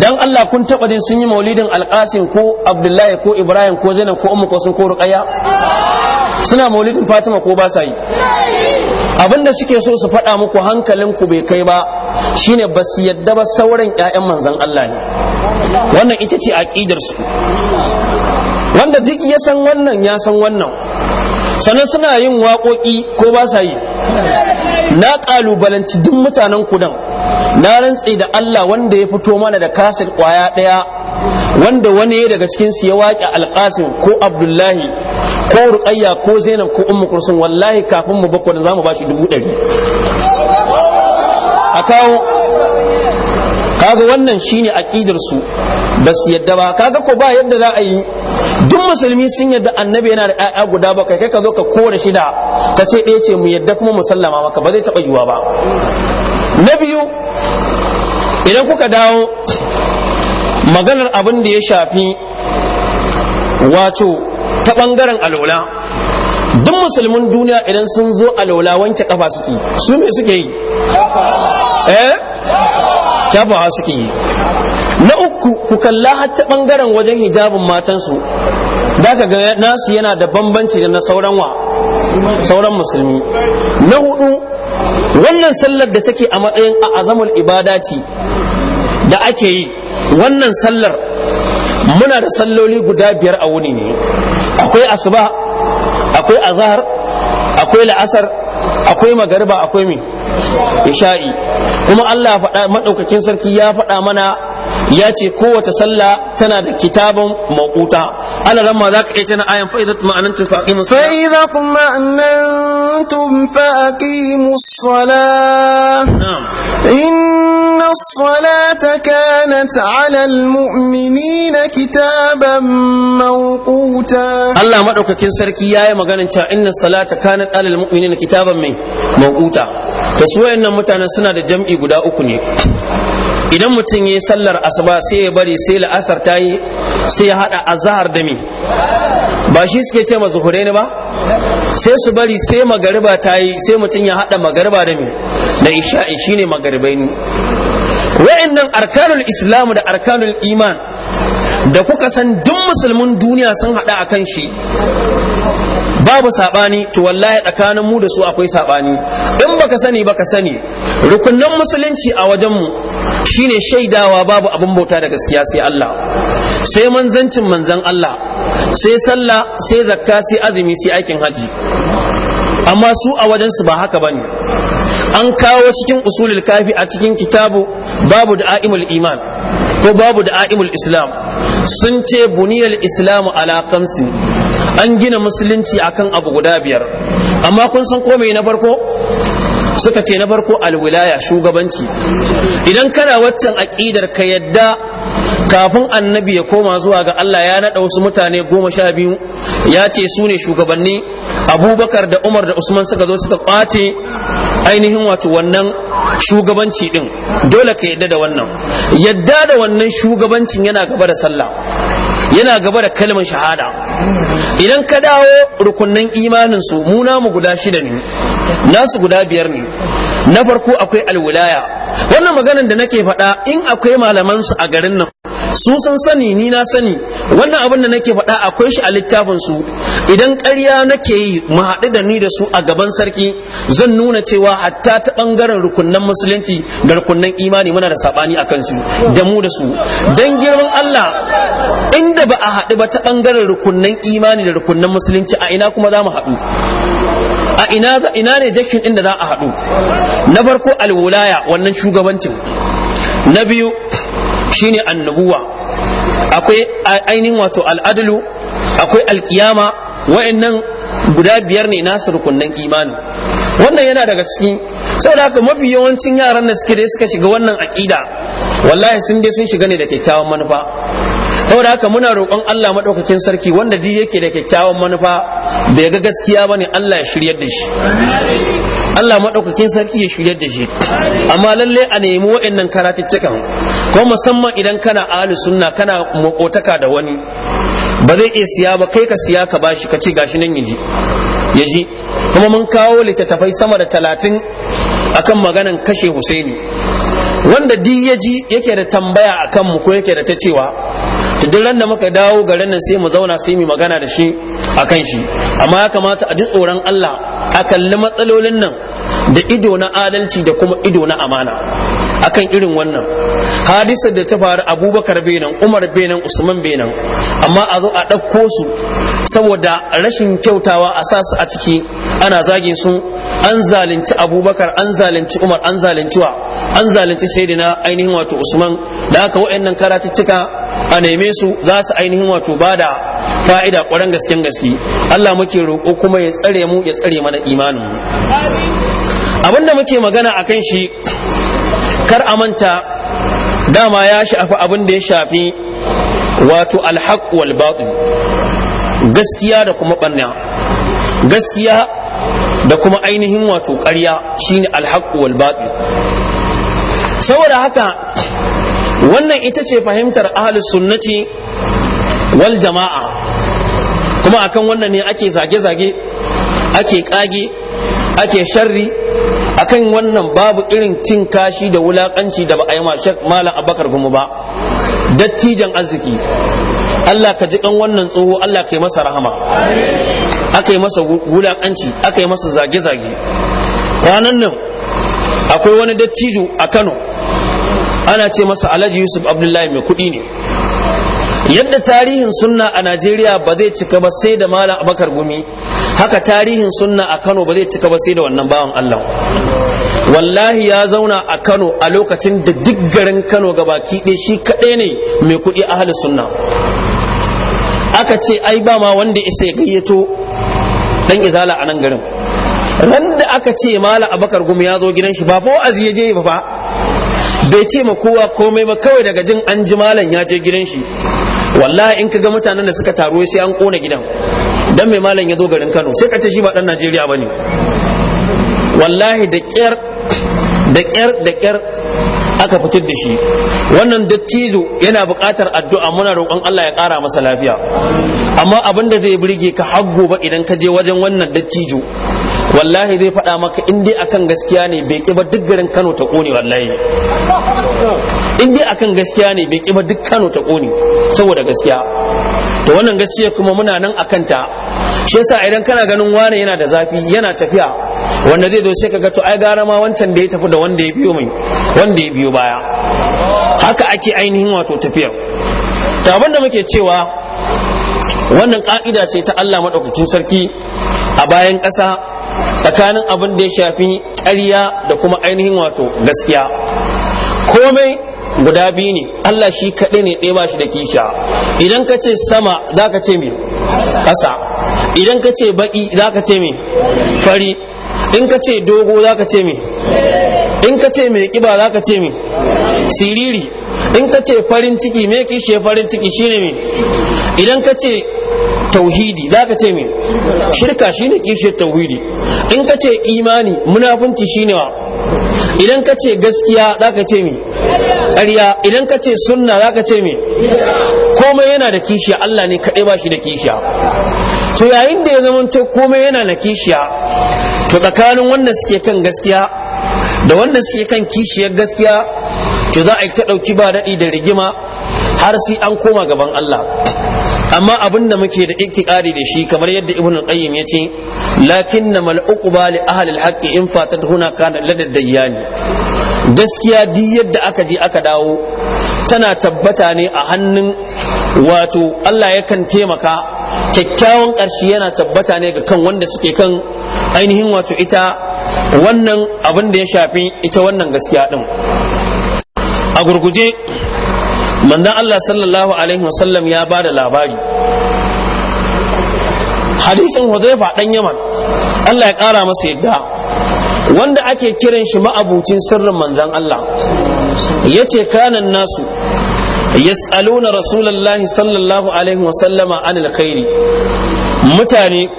dan Allah kun taba din sun yi maulidin alqasim ko abdullahi ko ibrahim ko zainab ko ummu ko sun ko ruqayya suna maulidin fatima ko ba sa yi abinda suke so su faɗa muku hankalin ku bai kai ba shine ba su yadda ba sauran ƴaƴan manzon Allah ne wannan ita ce aqidar su wanda duk ya san wannan ya san wannan sannan suna yin waƙoƙi ko ba sa yi na ƙalubalanci duk mutanen kudan na rantse da Allah wanda ya fito mana da kasir ƙwaya ɗaya wanda wani ya daga cikinsu ya waƙe alƙasim ko abdullahi ko ruƙayya ko zainab ko ummu kursun wallahi kafin mu bakwai za mu bashi dubu ɗari a kawo kaga wannan shine aƙidarsu ba su yadda ba kaga ko ba yadda za a yi duk musulmi sun yarda annabi yana da ƴaƴa guda bakwai kai ka zo ka kore shida ka ce ɗaya ce mu yarda kuma mu sallama maka ba zai taɓa yiwa ba na biyu idan kuka dawo maganar abin da ya shafi wato ta ɓangaren alola duk musulmin duniya idan sun zo alola wanke kafa suke su me suke yi eh kyafawa suke yi na uku ku kalla har ta bangaren wajen hijabin matansu da ka ga nasu yana da bambanci da na sauran wa sauran musulmi na hudu wannan sallar da take a matsayin a azamul ibadati da ake yi wannan sallar muna da salloli guda biyar a wuni ne akwai asuba akwai azhar akwai la'asar akwai magariba akwai mi isha'i kuma Allah faɗa madaukakin sarki ya faɗa mana ya ce kowace sallah tana da kitabun makuta ala ramma za ka iya tana ayan fa'idat ma'anantum fa aqimu sala fa'idat ma'anantum fa aqimu sala inna salata kanat ala na kitaban mawquta Allah maɗaukakin sarki ya yi maganin cewa inna salata kanat ala almu'minina kitaban mai mawquta to su wayannan mutanen suna da jam'i guda uku ne idan mutum ya yi sallar asuba sai ya bari sai la'asar ta yi sai ya hada azahar da mi ba shi suke ce ma zuhure ne ba sai su bari sai magariba ta yi sai mutum ya hada magariba da mi da isha'i shine magaribai ne wa'annan arkanul islam da arkanul iman da kuka san duk musulmin duniya sun haɗa a kan shi babu saɓani to wallahi tsakanin mu da su akwai saɓani in baka sani baka sani rukunan musulunci a wajenmu shine shaidawa babu abin bauta da gaskiya sai Allah sai manzancin manzan Allah sai sallah sai zakka sai azumi sai aikin haji amma su a wajensu ba haka bane an kawo cikin usulul kafi a cikin kitabu babu da a'imul iman ko babu da a'imul islam sun ce buniyal Islam ala kamsin an gina musulunci akan abu guda biyar amma kun san komai na farko suka ce na farko alwilaya shugabanci idan kana waccan aƙidar ka yadda kafin annabi ya koma zuwa ga Allah ya naɗa wasu mutane goma sha biyu ya ce su ne shugabanni abubakar da umar da usman suka zo suka kwace ainihin wato wannan shugabanci din dole ka yadda da wannan yadda da wannan shugabancin yana gaba da sallah yana gaba da kalmar shahada idan ka dawo rukunnan imanin su mu namu guda shida ne nasu guda biyar ne na farko akwai alwilaya wannan maganar da nake faɗa in akwai malaman su a garin nan su sun sani ni na sani wannan abin da nake faɗa akwai shi a littafin su idan ƙarya nake yi mu haɗu da ni da su a gaban sarki zan nuna cewa hatta ta ɓangaren rukunnan musulunci da rukunnan imani muna da saɓani a kansu da mu da su dan girman Allah inda ba a haɗu ba ta ɓangaren rukunnan imani da rukunnan musulunci a ina kuma za mu haɗu a ina ina ne jakin inda za a haɗu na farko alwulaya wannan shugabancin na biyu shine annabuwa akwai ainihin wato al'adulu akwai alkiyama wa'annan guda biyar ne nasu rukunnan imani wannan yana daga ciki saboda haka mafi yawancin yaran da suke da suka shiga wannan aƙida wallahi sun dai sun shiga ne da kyakkyawan manufa saboda haka muna roƙon Allah maɗaukakin sarki wanda duk yake da kyakkyawan manufa bai ga gaskiya bane Allah ya shiryar da shi Allah maɗaukakin sarki ya shiryar da shi amma lalle a nemi waɗannan karatuttukan ko musamman idan kana ahli sunna kana makotaka da wani ba zai iya siya ba kai ka siya ka bashi ka ce gashi nan yaji yaji kuma mun kawo littattafai sama da talatin akan maganan kashe Husaini wanda di ya yake da tambaya akan mu ko yake da ta cewa ta duk ran da muka dawo garin nan sai mu zauna sai mu magana da shi akan shi amma ya kamata a ji tsoron Allah a kalli matsalolin nan da ido na adalci da kuma ido na amana akan irin wannan hadisar da ta faru abubakar benin umar benin usman benin amma a zo a ɗauko su saboda rashin kyautawa a sa su a ciki ana zagin su an zalunci abubakar an zalunci umar an zalunci wa an zalunci na ainihin wato usman da haka waɗannan karatuttuka a neme su za su ainihin wato ba da fa'ida ƙwarar gasken gaske Allah muke roƙo kuma ya tsare mu ya tsare mana imanin mu abinda muke magana a kan shi kar a manta dama ya shafi abin da ya shafi wato alhaq wal batil gaskiya da kuma ɓanna gaskiya da kuma ainihin wato ƙarya shine alhaq wal batil saboda haka wannan ita ce fahimtar ahlus sunnati wal jama'a kuma akan wannan ne ake zage-zage ake kage ake sharri akan wannan babu irin cin kashi da wulakanci da ba a yi malam abakar gumu ba dattijan arziki Allah ka ji kan wannan tsoho Allah ka yi masa rahama aka yi masa wulakanci aka yi masa zage-zage kwanan nan akwai wani dattijo a Kano ana ce masa Alhaji Yusuf Abdullahi mai kuɗi ne yadda tarihin sunna a najeriya ba zai cika ba sai da malam abakar gumi haka tarihin sunna a kano ba zai cika ba sai da wannan bawan allah wallahi ya zauna a kano a lokacin da duk garin kano gabaki ɗaya shi kaɗai ne mai kuɗi ahalin sunna aka ce ai ba ma wanda isa ya gayyato dan izala a nan garin ran da aka ce mala abakar gumi ya zo gidan shi ba fa wa'azi ya je ba fa bai ce ma kowa komai ba kawai daga jin an ji malam ya je gidan shi wallahi in kaga mutanen da suka taro sai an kona gidan dan mai malam ya zo garin Kano sai ka ce shi ba dan Najeriya bane wallahi da kyar da kyar da kyar aka fitar da shi wannan dattijo yana buƙatar addu'a muna roƙon Allah ya ƙara masa lafiya amma abin da zai burge ka har gobe idan ka je wajen wannan dattijo wallahi zai faɗa maka in dai akan gaskiya ne bai ƙiba duk garin Kano ta ƙone wallahi in dai akan gaskiya ne bai ƙiba duk Kano ta ƙone saboda gaskiya to wannan gaskiya kuma muna nan akan ta shi yasa idan kana ganin wani yana da zafi yana tafiya wanda zai zo sai ka ga to ai gara ma wancan da ya tafi da wanda ya biyo mai wanda ya biyo baya haka ake ainihin wato tafiya to abinda muke cewa wannan ka'ida ce ta Allah madaukakin sarki a bayan ƙasa tsakanin abin da ya shafi ƙarya da kuma ainihin wato gaskiya komai guda biyu ne Allah shi kaɗai ne ɗaya ba shi da kisha idan ka ce sama za ka ce me ƙasa idan ka ce baƙi za ka ce me fari in ka ce dogo za ka ce me in ka ce mai ƙiba za ka ce me siriri in ka ce farin ciki me kishe farin ciki shine me idan ka ce tauhidi za ka ce shirka shine kishiyar tauhidi in ka ce imani munafunci ne wa idan ka ce gaskiya za ka ce ƙarya idan ka ce sunna za ka ce komai yana da kishiya Allah ne kaɗai ba shi da kishiya to yayin da ya zamanto komai yana da kishiya to tsakanin wanda suke kan gaskiya da wanda suke kan kishiyar gaskiya to za a yi ta ɗauki ba daɗi da rigima har sai an koma gaban Allah amma abin da muke da iktikari da shi kamar yadda ibnu qayyim yace lakinna mal uqba li ahli al in fatat huna kana ladad dayyani gaskiya duk yadda aka je aka dawo tana tabbata ne a hannun wato Allah yakan taimaka kyakkyawan ƙarshe yana tabbata ne ga kan wanda suke kan ainihin wato ita wannan abin da ya shafi ita wannan gaskiya din a gurguje manzon Allah sallallahu alaihi wasallam ya ba da labari hadisin Hudhaifa dan Yaman Allah ya kara masa yadda wanda ake kiran shi ma'abucin sirrin manzon Allah yace kanan nasu yas'aluna rasulullahi sallallahu alaihi wasallama anil khairi mutane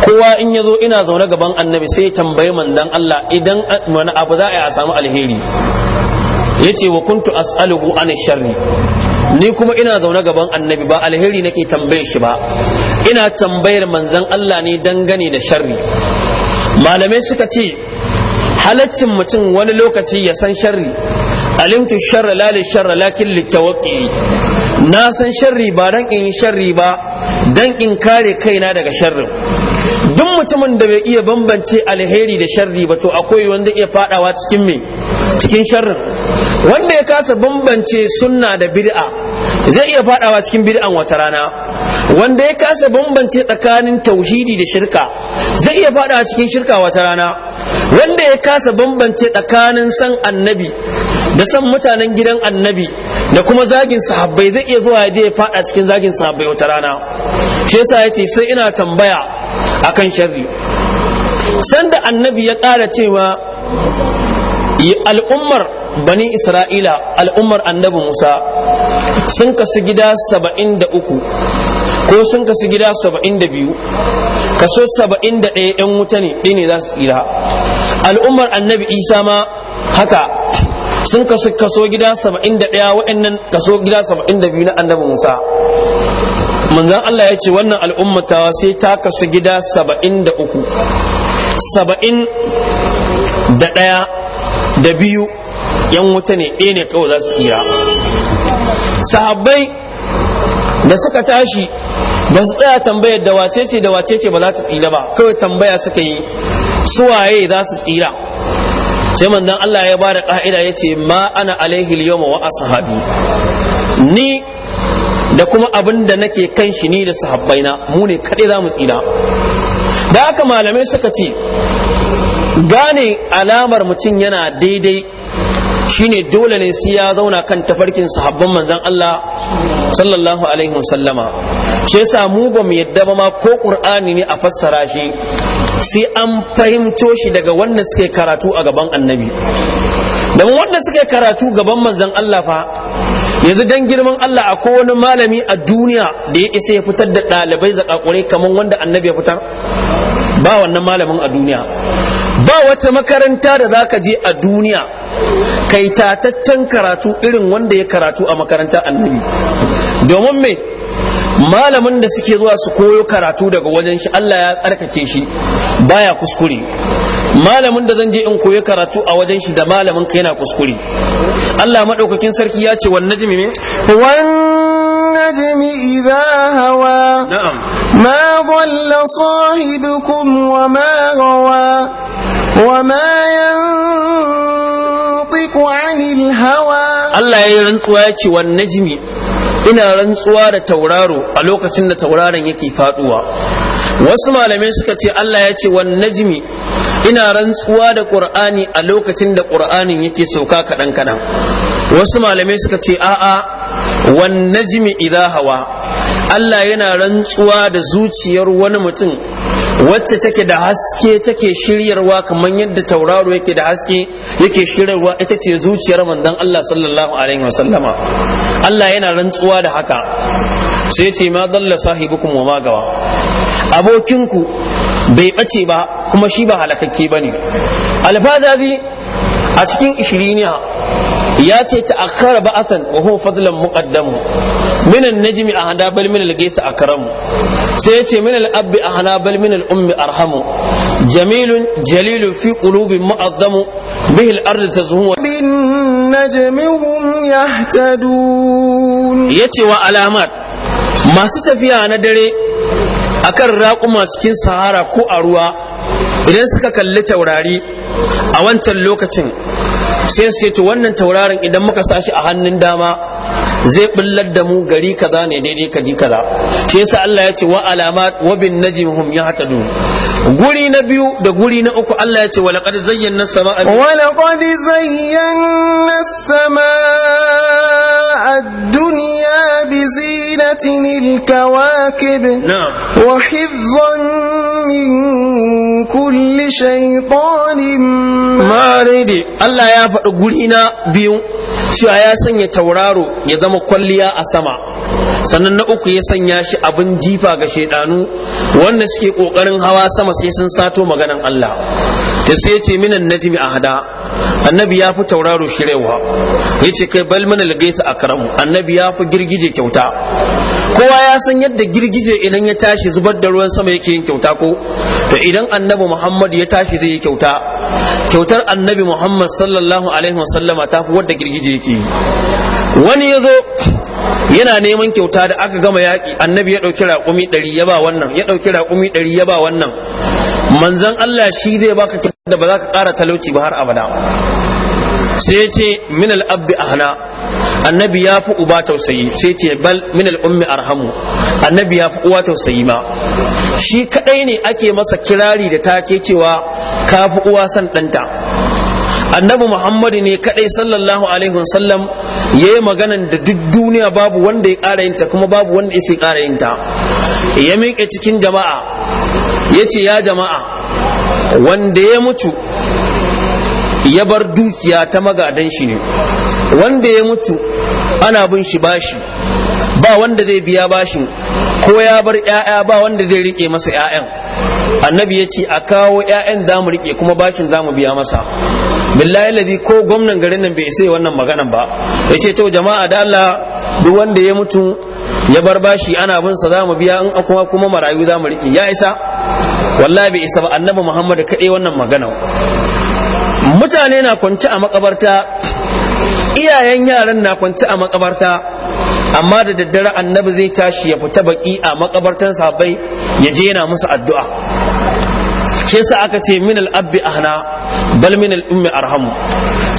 kowa in ya zo ina zaune gaban annabi sai tambayi manzon Allah idan wani abu za a samu alheri yace wa kuntu as'aluhu an sharri ni kuma ina zaune gaban annabi ba alheri nake tambaye shi ba ina tambayar manzan Allah ne dangane da sharri malamai suka ce halaccin mutum wani lokaci ya san sharri alimtu sharra la li sharra lakin litawaqi na san sharri ba dan in yi sharri ba dan in kare kaina daga sharrin duk mutumin da bai iya bambance alheri da sharri ba to akwai wanda iya fadawa cikin me cikin sharrin wanda ya kasa bambance sunna da bid'a zai iya fadawa cikin bid'an wata rana wanda ya kasa bambance tsakanin tauhidi da shirka zai iya fadawa cikin shirka wata rana wanda ya kasa bambance tsakanin san annabi da san mutanen gidan annabi da kuma zagin sahabbai zai iya zuwa ya fada cikin zagin sahabbai wata rana shi yasa yace sai ina tambaya akan sharri sanda annabi ya kara cewa al'ummar bani isra'ila al'ummar annabi musa sun kasu gida saba'in da uku ko sun kasu gida saba'in da biyu kaso saba'in da ɗaya ‘yan wuta ne ɗaya ne za su tsira al'ummar annabi isa ma haka sun kasu kaso gida saba'in da ɗaya waɗannan kaso gida saba'in da biyu na annabi musa manzan allah ya ce wannan al'ummatawa sai ta kasu gida saba'in da uku saba'in da ɗaya da biyu yan wuta ne ɗaya ne kawai za su tsira sahabbai da suka tashi ba su tsaya tambayar da wace ce da wace ce ba za su tsira ba kawai tambaya suka yi su waye za su tsira sai manzon Allah ya ba da ka'ida ya ce ma ana alaihi yawma wa ashabi ni da kuma abin da nake kan shi ni da sahabbaina mu ne kaɗai za mu tsira da aka malamai suka ce gane alamar mutum yana daidai shine dole ne sai ya zauna kan tafarkin sahabban manzon Allah sallallahu alaihi wasallama shi yasa mu ba mu yadda ba ma ko qur'ani ne a fassara shi sai an fahimto shi daga wanda suke karatu a gaban annabi don wanda suke karatu gaban manzon Allah fa yanzu dan girman Allah a wani malami a duniya da ya isa ya fitar da ɗalibai zakakurai kamar wanda annabi ya fitar ba wannan malamin a duniya ba wata makaranta da zaka je a duniya kai tataccen karatu irin wanda ya karatu a makaranta annabi domin me malamin da suke zuwa su koyo karatu daga wajen shi Allah ya tsarkake shi baya kuskure malamin da zan je in koyi karatu a wajen shi da malamin ka yana kuskure Allah madaukakin sarki ya ce wannan jimi ne wan والنجم إذا هوى نعم ما ضل صاحبكم وما غوى وما ينطق عن الهوى الله يرنقوا والنجم ina rantsuwa da tauraro a lokacin da tauraron yake faduwa wasu malamai suka ce Allah ya ce wan najmi ina rantsuwa da qur'ani a lokacin da qur'anin yake sauka kadan kadan wasu malamai suka ce a'a wan najmi idha hawa Allah yana rantsuwa da zuciyar wani mutum wacce take da haske take shiryarwa kamar yadda tauraro yake da haske yake shiryarwa ita ce zuciyar manzon Allah sallallahu alaihi wasallama Allah yana rantsuwa da haka sai ce ma dalla sahibukum wa magawa abokinku bai bace ba kuma shi ba halakakke bane alfazazi a cikin ishiriniya ya ce ta akara ba'asan wa huwa fadlan muqaddam min an-najmi ahada bal min al a akram sai yace min al-abbi hana bal min al-ummi arhamu jamilun jalilun fi qulubin mu'azzamu bihi al-ard tazhumu bin najmi hum yahtadun yace wa alamat masu tafiya na dare a kan raƙuma cikin sahara ko a ruwa idan suka kalli taurari a wancan lokacin sai sai to wannan taurarin idan muka sa shi a hannun dama zai billar da mu gari kaza ne daidai kadi kaza shi yasa Allah ya ce wa alamat wa bin najmi hum yahtadun guri na biyu da guri na uku Allah ya ce wa laqad zayyana as-samaa wa laqad zayyana as-samaa الدنيا بزينة الكواكب نعم وحفظا من كل شيطان مارد الله يا فدغورينا بيو cewa ya sanya tauraro ya zama kwalliya a sama sannan na uku ya sanya shi abin jifa ga shaidanu wanda suke kokarin hawa sama sai sun sato maganan Allah ta sai ya ce minan najmi ahada annabi ya fi tauraro shirewa ya ce kai bal minal a karamu. annabi ya fi girgije kyauta kowa ya san yadda girgije idan ya tashi zubar da ruwan sama yake yin kyauta ko to idan annabi muhammad ya tashi zai yi kyauta kyautar annabi muhammad sallallahu alaihi wasallama ta fi wadda girgije yake yi wani ya zo yana neman kyauta da aka gama yaƙi annabi ya ɗauki raƙumi ɗari ya ba wannan ya ɗauki raƙumi ɗari ya ba wannan manzan Allah shi zai baka kyauta da ba za ka ƙara talauci ba har abada sai ya ce min al'abbi ahna annabi ya fi uba tausayi sai ce bal min al'ummi arhamu annabi ya fi uwa tausayi ma shi kaɗai ne ake masa kirari da take cewa ka fi uwa san ɗanta annabi muhammadu ne kadai sallallahu alaihi wasallam ya yi maganan da duk duniya babu wanda ya ƙara yinta kuma babu wanda ya ƙara yinta ya miƙe cikin jama'a ya ce ya jama'a wanda ya mutu ya bar dukiya ta magadan shi ne wanda ya mutu ana bin shi bashi ba wanda zai biya bashin ko ya bar 'ya'ya ba wanda zai rike masa 'ya'yan annabi ya ce a kawo 'ya'yan za mu rike kuma bashin za mu biya masa billahi ladi ko gwamnan garin nan bai isa wannan magana ba ya ce to jama'a da Allah duk wanda ya mutu ya bar bashi ana bin sa zamu biya in kuma kuma marayu zamu riƙe ya isa wallahi bai isa ba annabi Muhammad kaɗai wannan magana mutane na kwance a makabarta iyayen yaran na kwance a makabarta amma da daddare annabi zai tashi ya fita baki a makabartan sahabbai ya je yana musu addu'a shi yasa aka ce min al ahna bal min al-ummi arhamu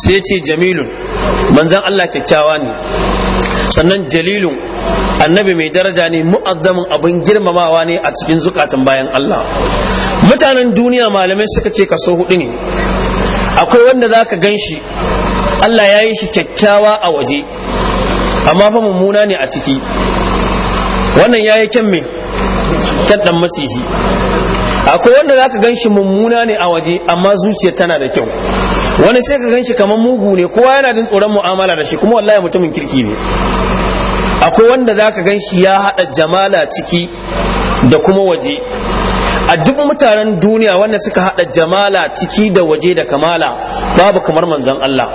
sai ya ce jamilun manzon Allah kyakkyawa ne sannan jalilun annabi mai daraja ne mu'azzamin abin girmamawa ne a cikin zukatan bayan Allah mutanen duniya malamai suka ce kaso hudu ne akwai wanda zaka gan shi Allah ya yi shi kyakkyawa a waje amma fa mummuna ne a ciki wannan ya yi kyan me kyan dan masihi akwai wanda zaka gan shi mummuna ne a waje amma zuciya tana da kyau wani sai ka gan shi kamar mugu ne kowa yana jin tsoron mu'amala da shi kuma wallahi mutumin kirki ne akwai wanda zaka gan shi ya haɗa jamala ciki da kuma waje a duk mutanen duniya wanda suka hada jamala ciki da waje da kamala babu kamar manzon Allah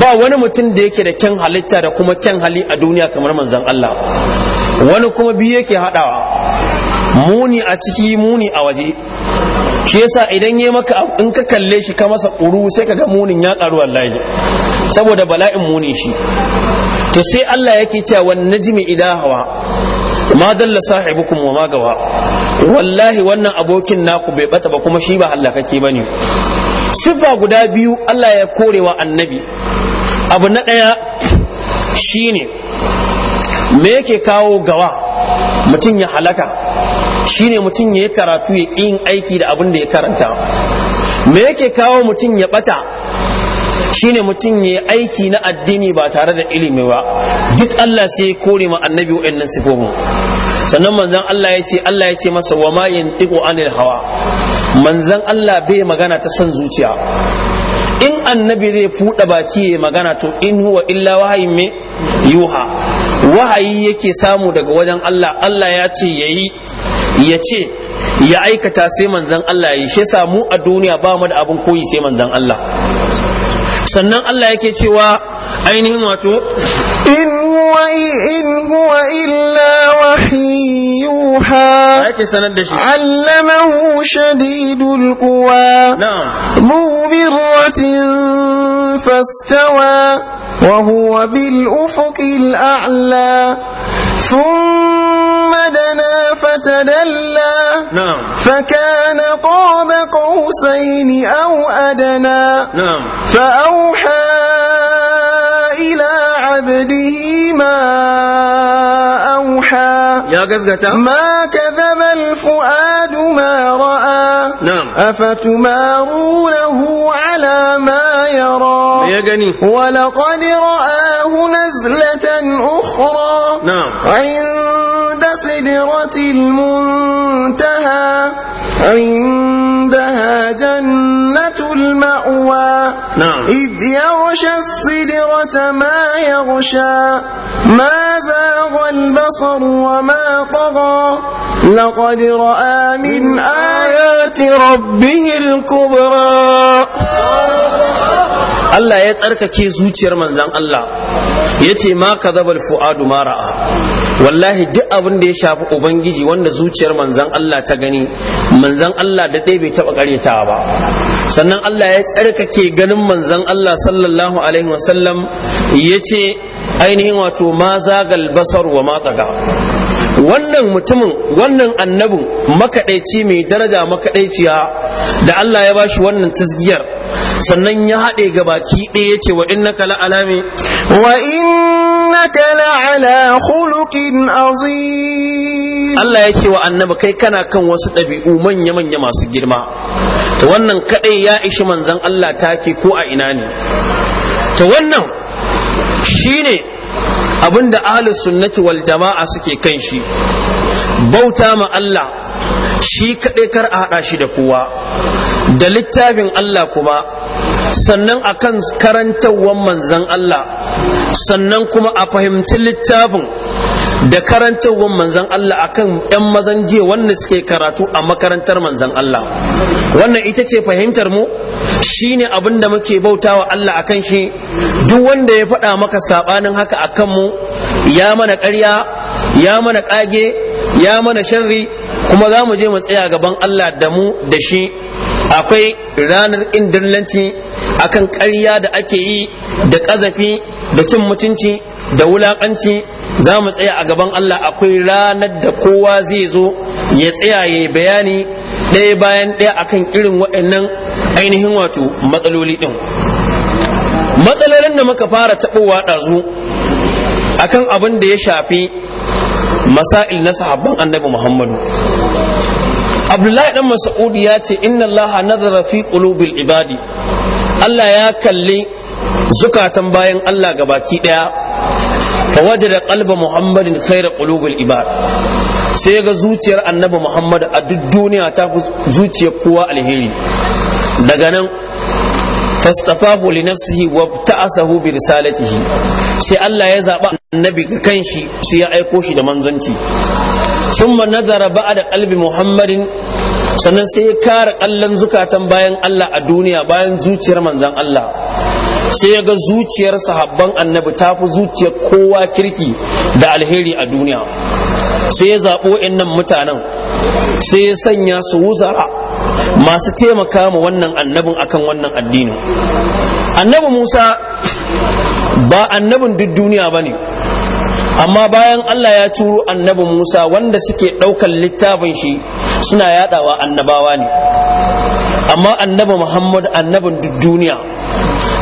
ba wani mutum da yake da kyan halitta da kuma kyan hali a duniya kamar manzon Allah wani kuma biyu yake hadawa muni a ciki muni a waje shi yasa idan yi maka in ka kalle shi ka masa ƙuru sai ka ga munin ya ƙaru wallahi saboda bala'in muni shi to sai Allah yake cewa wan najmi idan hawa ma dalla sahibukum wa ma gawa wallahi wannan abokin naku bai bata ba kuma shi ba hallakake bane sifa guda biyu Allah ya korewa annabi abu na ɗaya shine me yake kawo gawa mutum ya halaka shine mutum ya yi karatu ya yin aiki da abin da ya karanta me yake kawo mutum ya bata shine mutum ya yi aiki na addini ba tare da ilimi ba duk Allah sai ya kore ma annabi wa'annan sifofin sannan manzon Allah ya ce Allah ya ce masa wa ma yantiqu anil hawa Manzan Allah bai magana ta son zuciya in annabi zai fuɗa baki ya magana to in huwa illa wahayin me yuha wahayi yake samu daga wajen Allah Allah ya ce yayi ya ce ya aikata sai manzon Allah ya yi shi samu a duniya ba mu da abin koyi sai manzon Allah sannan Allah yake cewa ainihin wato in in huwa illa wahiyuha, yake sanar da shi allamahu shadidul quwa na'am mu fastawa وهو بالأفق الأعلى ثم دنا فتدلى نعم. فكان قاب قوسين أو أدنى نعم. فأوحى إلى عبده ما يا قزقتا ما كذب الفؤاد ما رأى نعم أفتمارونه على ما يرى يا جني ولقد رآه نزلة أخرى نعم عند سدرة المنتهى عند عندها جنة المأوى نعم. إذ يغشى الصدرة ما يغشى ما زاغ البصر وما طغى لقد رأى من آيات ربه الكبرى Allah ya tsarkake zuciyar manzan Allah ya ce ma zabar fuadu ma ra'a wallahi duk abin da ya shafi ubangiji wanda zuciyar manzan Allah ta gani manzan Allah da ɗaya bai taɓa ƙaryatawa ba sannan Allah ya tsarkake ganin manzan Allah sallallahu alaihi wasallam ce ainihin wato ma zagal basar wa ma wannan mutumin wannan annabin makaɗaici mai daraja makaɗaiciya da Allah ya bashi wannan tasgiyar sannan ya haɗe ga baki ɗaya ya ce wa kala alami wa kala ala khuluqin azim Allah ya ce wa annabi kai kana kan wasu ɗabi'u manya manya masu girma to wannan kadai ya ishi manzon Allah take ko a ina ne to wannan shine abinda ahlus sunnati wal jama'a suke kan shi bauta ma Allah shi kaɗai kar a haɗa shi da kowa da littafin Allah kuma sannan a kan karantarwar manzan Allah sannan kuma a fahimci littafin da karantarwar manzan Allah a kan ‘yan mazan jiya wanda suke karatu a makarantar manzan Allah wannan ita ce fahimtar mu shi ne abin da muke bauta wa Allah a kan shi duk wanda ya faɗa maka saɓanin haka kan mu ya mana ƙarya ya mana ƙage ya mana sharri kuma za mu je mu tsaya gaban Allah da mu da shi akwai ranar indallanci akan ƙarya da ake yi da ƙazafi da cin mutunci da wulaƙanci za mu tsaya a gaban Allah akwai ranar da kowa zai zo ya tsaya ya bayani ɗaya bayan ɗaya akan irin waɗannan ainihin wato matsaloli ɗin matsalolin da muka fara taɓowa ɗazu akan abin da ya shafi masail na sahabban annabi muhammadu abdullahi dan mas'ud ya ce inna allaha nazara fi qulubil ibadi allah ya kalli zukatan bayan allah gabaki daya wajada qalba muhammadin khayra qulubil ibad sai ga zuciyar annabi muhammad a duk duniya ta fi zuciyar kowa alheri daga nan fastafahu li nafsihi wa ta'asahu bi risalatihi sai Allah ya zaba annabi ga kanshi sai ya aiko shi da manzanci ثم نظر بعد قلب muhammadin sannan sai ya kara kallon zukatan bayan Allah a duniya bayan zuciyar manzan Allah sai ya ga zuciyar sahabban annabi ta fi zuciyar kowa kirki da alheri a duniya sai ya zaɓo nan mutanen sai ya sanya su wuzara masu taimaka ma wannan annabin akan wannan addinin annabi musa ba annabin duk duniya ba ne amma bayan Allah ya turo annabi Musa wanda suke ɗaukan littafin shi suna yadawa annabawa ne amma annabi Muhammad annabin duk duniya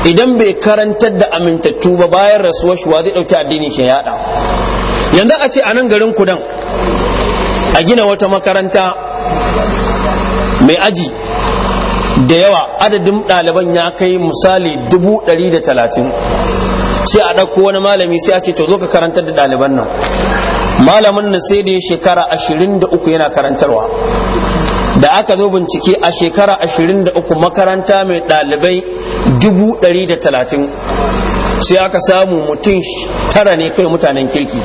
idan bai karantar da amintattu ba bayan rasuwar shi zai ɗauki addinin shi yada yanzu a ce a nan garin kudan a gina wata makaranta mai aji da yawa adadin ɗaliban ya kai misali dubu ɗari da talatin sai a ɗauko wani malami sai a ce to zo ka karantar da ɗaliban nan malamin nan sai da shekara ashirin da uku yana karantarwa da aka zo bincike a shekara ashirin da uku makaranta mai ɗalibai dubu ɗari da talatin sai aka samu mutum tara ne kai mutanen kirki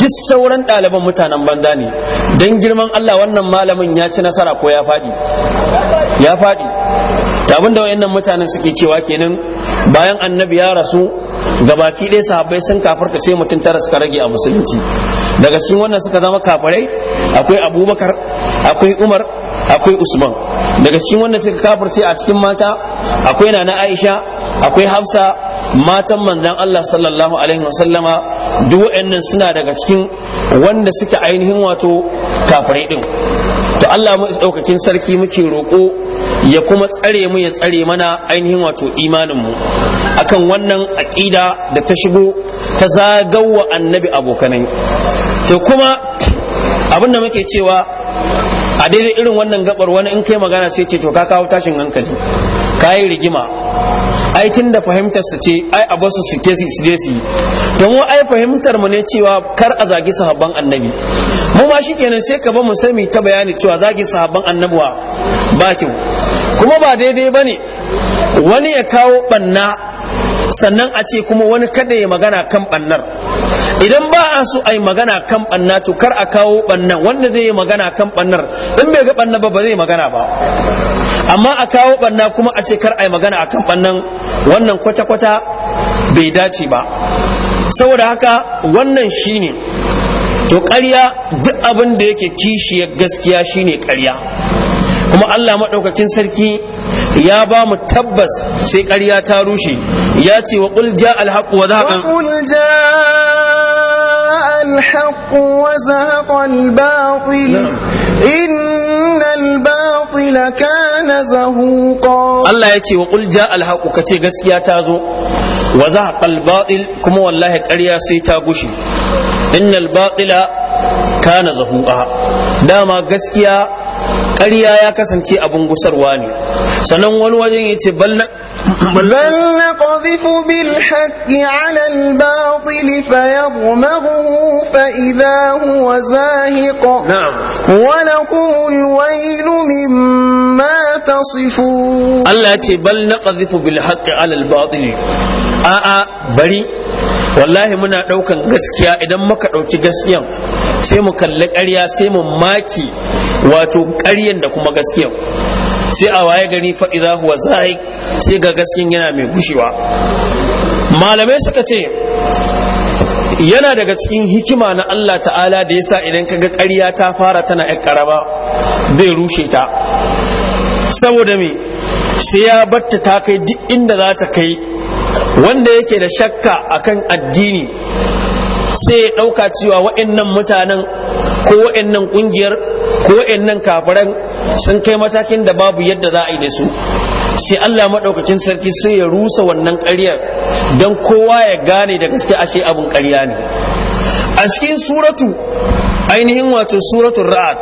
duk sauran ɗaliban mutanen banza ne don girman Allah wannan malamin ya ci nasara ko ya faɗi ya faɗi abin da wayannan mutanen suke cewa kenan bayan annabi ya rasu gabaki ɗaya sahabbai sun kafarka sai mutum tara suka rage a musulunci daga cikin wannan suka zama kafirai akwai abubakar akwai umar akwai usman daga cikin wannan suka kafirce a cikin mata akwai nana aisha akwai hafsa matan manzan Allah sallallahu alaihi wasallama duk wayannan suna daga cikin wanda suke ainihin wato kafirai din to Allah mu daukakin sarki muke roƙo ya kuma tsare mu ya tsare mana ainihin wato imanin mu akan wannan aqida da ta shigo ta zagawa annabi abokanai to kuma abin da muke cewa a daidai irin wannan gabar wani in kai magana sai ce to ka kawo tashin hankali ka yi rigima ai tun da fahimtar su ce ai a basu su ke su je su yi to mu ai fahimtar mu ne cewa kar a zagi sahabban annabi mu ma kenan sai ka ba mu sami ta bayani cewa zagin sahabban annabuwa ba kyau kuma ba daidai bane wani ya kawo ɓanna. sannan a ce kuma wani kada ya magana kan bannar idan ba a so a yi magana kan banna to kar a kawo bannan wanda zai yi magana kan bannar in bai ga banna ba ba zai magana ba amma a kawo banna kuma a ce kar a yi magana kan bannan wannan kwata-kwata bai dace ba saboda haka wannan shine to ƙarya duk abin da yake kishiyar gaskiya shine ƙarya kuma Allah maɗaukakin sarki ya ba mu tabbas sai ƙarya ta rushe ya ce wa qul ja al wa zahaqa qul ja al haqq inna al batil kana zahuqa Allah ya ce wa qul ja kace gaskiya tazo zo wa zahaqa kuma wallahi karya sai ta gushe innal batila dama gaskiya ƙarya ya kasance abin gusarwa ne sannan wani wajen ya ce bal na qadhifu bil haqqi ala al batil fayadmaghu fa idha huwa zahiq na'am wa lakum al wayl Allah ya ce bal na qadhifu bil haqqi ala al batil a bari wallahi muna ɗaukan gaskiya idan muka ɗauki gaskiyan sai mu kalli ƙarya sai mu maki wato ƙaryen da kuma gaskiyar sai a waye gani fa'iza huwa sai ga gaskin yana mai gushewa malamai suka ce yana daga cikin hikima na Allah ta'ala da yasa idan kaga ƙarya ta fara tana ‘yan ƙaraba bai rushe ta saboda me sai ya batta ta kai duk inda za ta kai wanda yake da shakka akan addini sai ya ɗauka cewa wa'annan mutanen ko wa'annan ƙungiyar ko nan kafiran sun kai matakin da babu yadda za a yi da su sai Allah maɗaukakin sarki sai ya rusa wannan ƙaryar don kowa ya gane da gaske ashe abin ƙarya ne a cikin suratu ainihin wato suratul ra'ad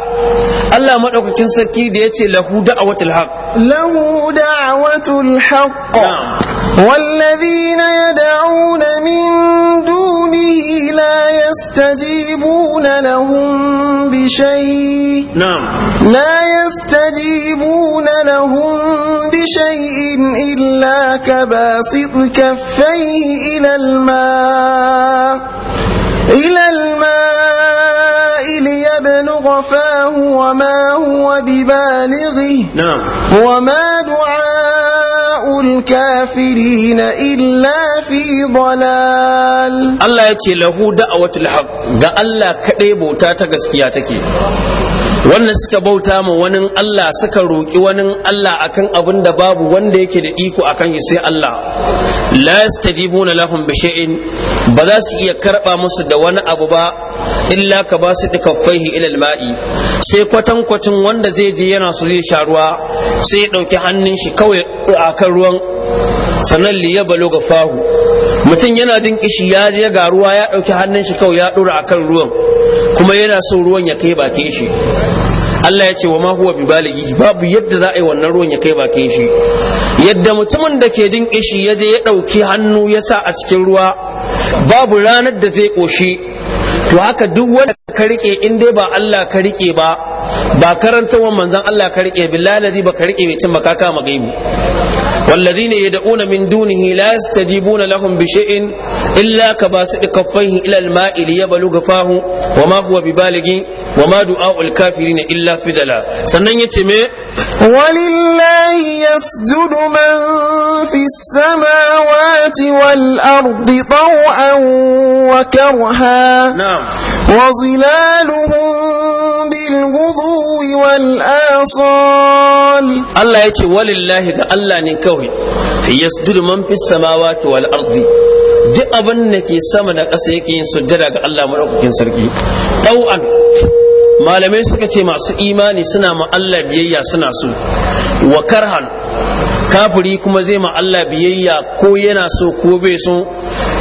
Allah madaukakin sarki da yace lahu da'watul haq lahu da'watul haq wallazina yad'una min dun دونه لا يستجيبون لهم بشيء نعم لا يستجيبون لهم بشيء إلا كباسط كفيه إلى الماء إلى الماء ليبلغ فاه وما هو ببالغه نعم وما دعاه الكافرين إلا في ضلال الله يتي له دعوة الحق ده الله كدي بوتا تغسكيا تكي wannan suka bauta ma wani Allah suka roƙi wani Allah akan abin da babu wanda yake da iko akan shi sai Allah la yastajibuna lahum bi shay'in ba za su iya karɓa musu da wani abu ba illa ka ba su dukaffaihi ilal ma'i sai kwatan kwatin wanda zai je yana so zai sha ruwa sai ya ɗauki hannun shi kawai akan ruwan sannan liya balo ga fahu mutum yana jin kishi ya je ga ruwa ya ɗauki hannun shi kawai ya ɗora kan ruwan kuma yana son ruwan ya kai bakin shi Allah ya ce wa ma huwa bibaligi babu yadda za a yi wannan ruwan ya kai bakin shi yadda mutumin da ke jin kishi ya je ya ɗauki hannu ya sa a cikin ruwa babu ranar da zai ƙoshi to haka duk wanda ka rike in dai ba Allah ka rike ba ba karanta wa manzan Allah ka rike billahi ladhi ba ka rike mai tin baka kama gaibi walladhina yad'una min dunihi la yastajibuna lahum bi In illa ka basid kaffaihi ila al-ma'i liyabluga fahu wa ma huwa bibalighi Wama ma du'a'ul kafirin illa fidala sannan yace me walillahi yasjudu man fis samawati wal ardi taw'an wa karha na'am wa zilaluhum bil ghudwi wal asal Allah yace walillahi ga Allah ne kawai yasjudu man fis samawati wal ardi duk abin da ke sama da ƙasa yake yin sujjada ga Allah madaukakin sarki tau'an malamai suka ce masu imani suna ma Allah biyayya suna so wa karhan kafiri kuma zai ma Allah biyayya ko yana so ko bai so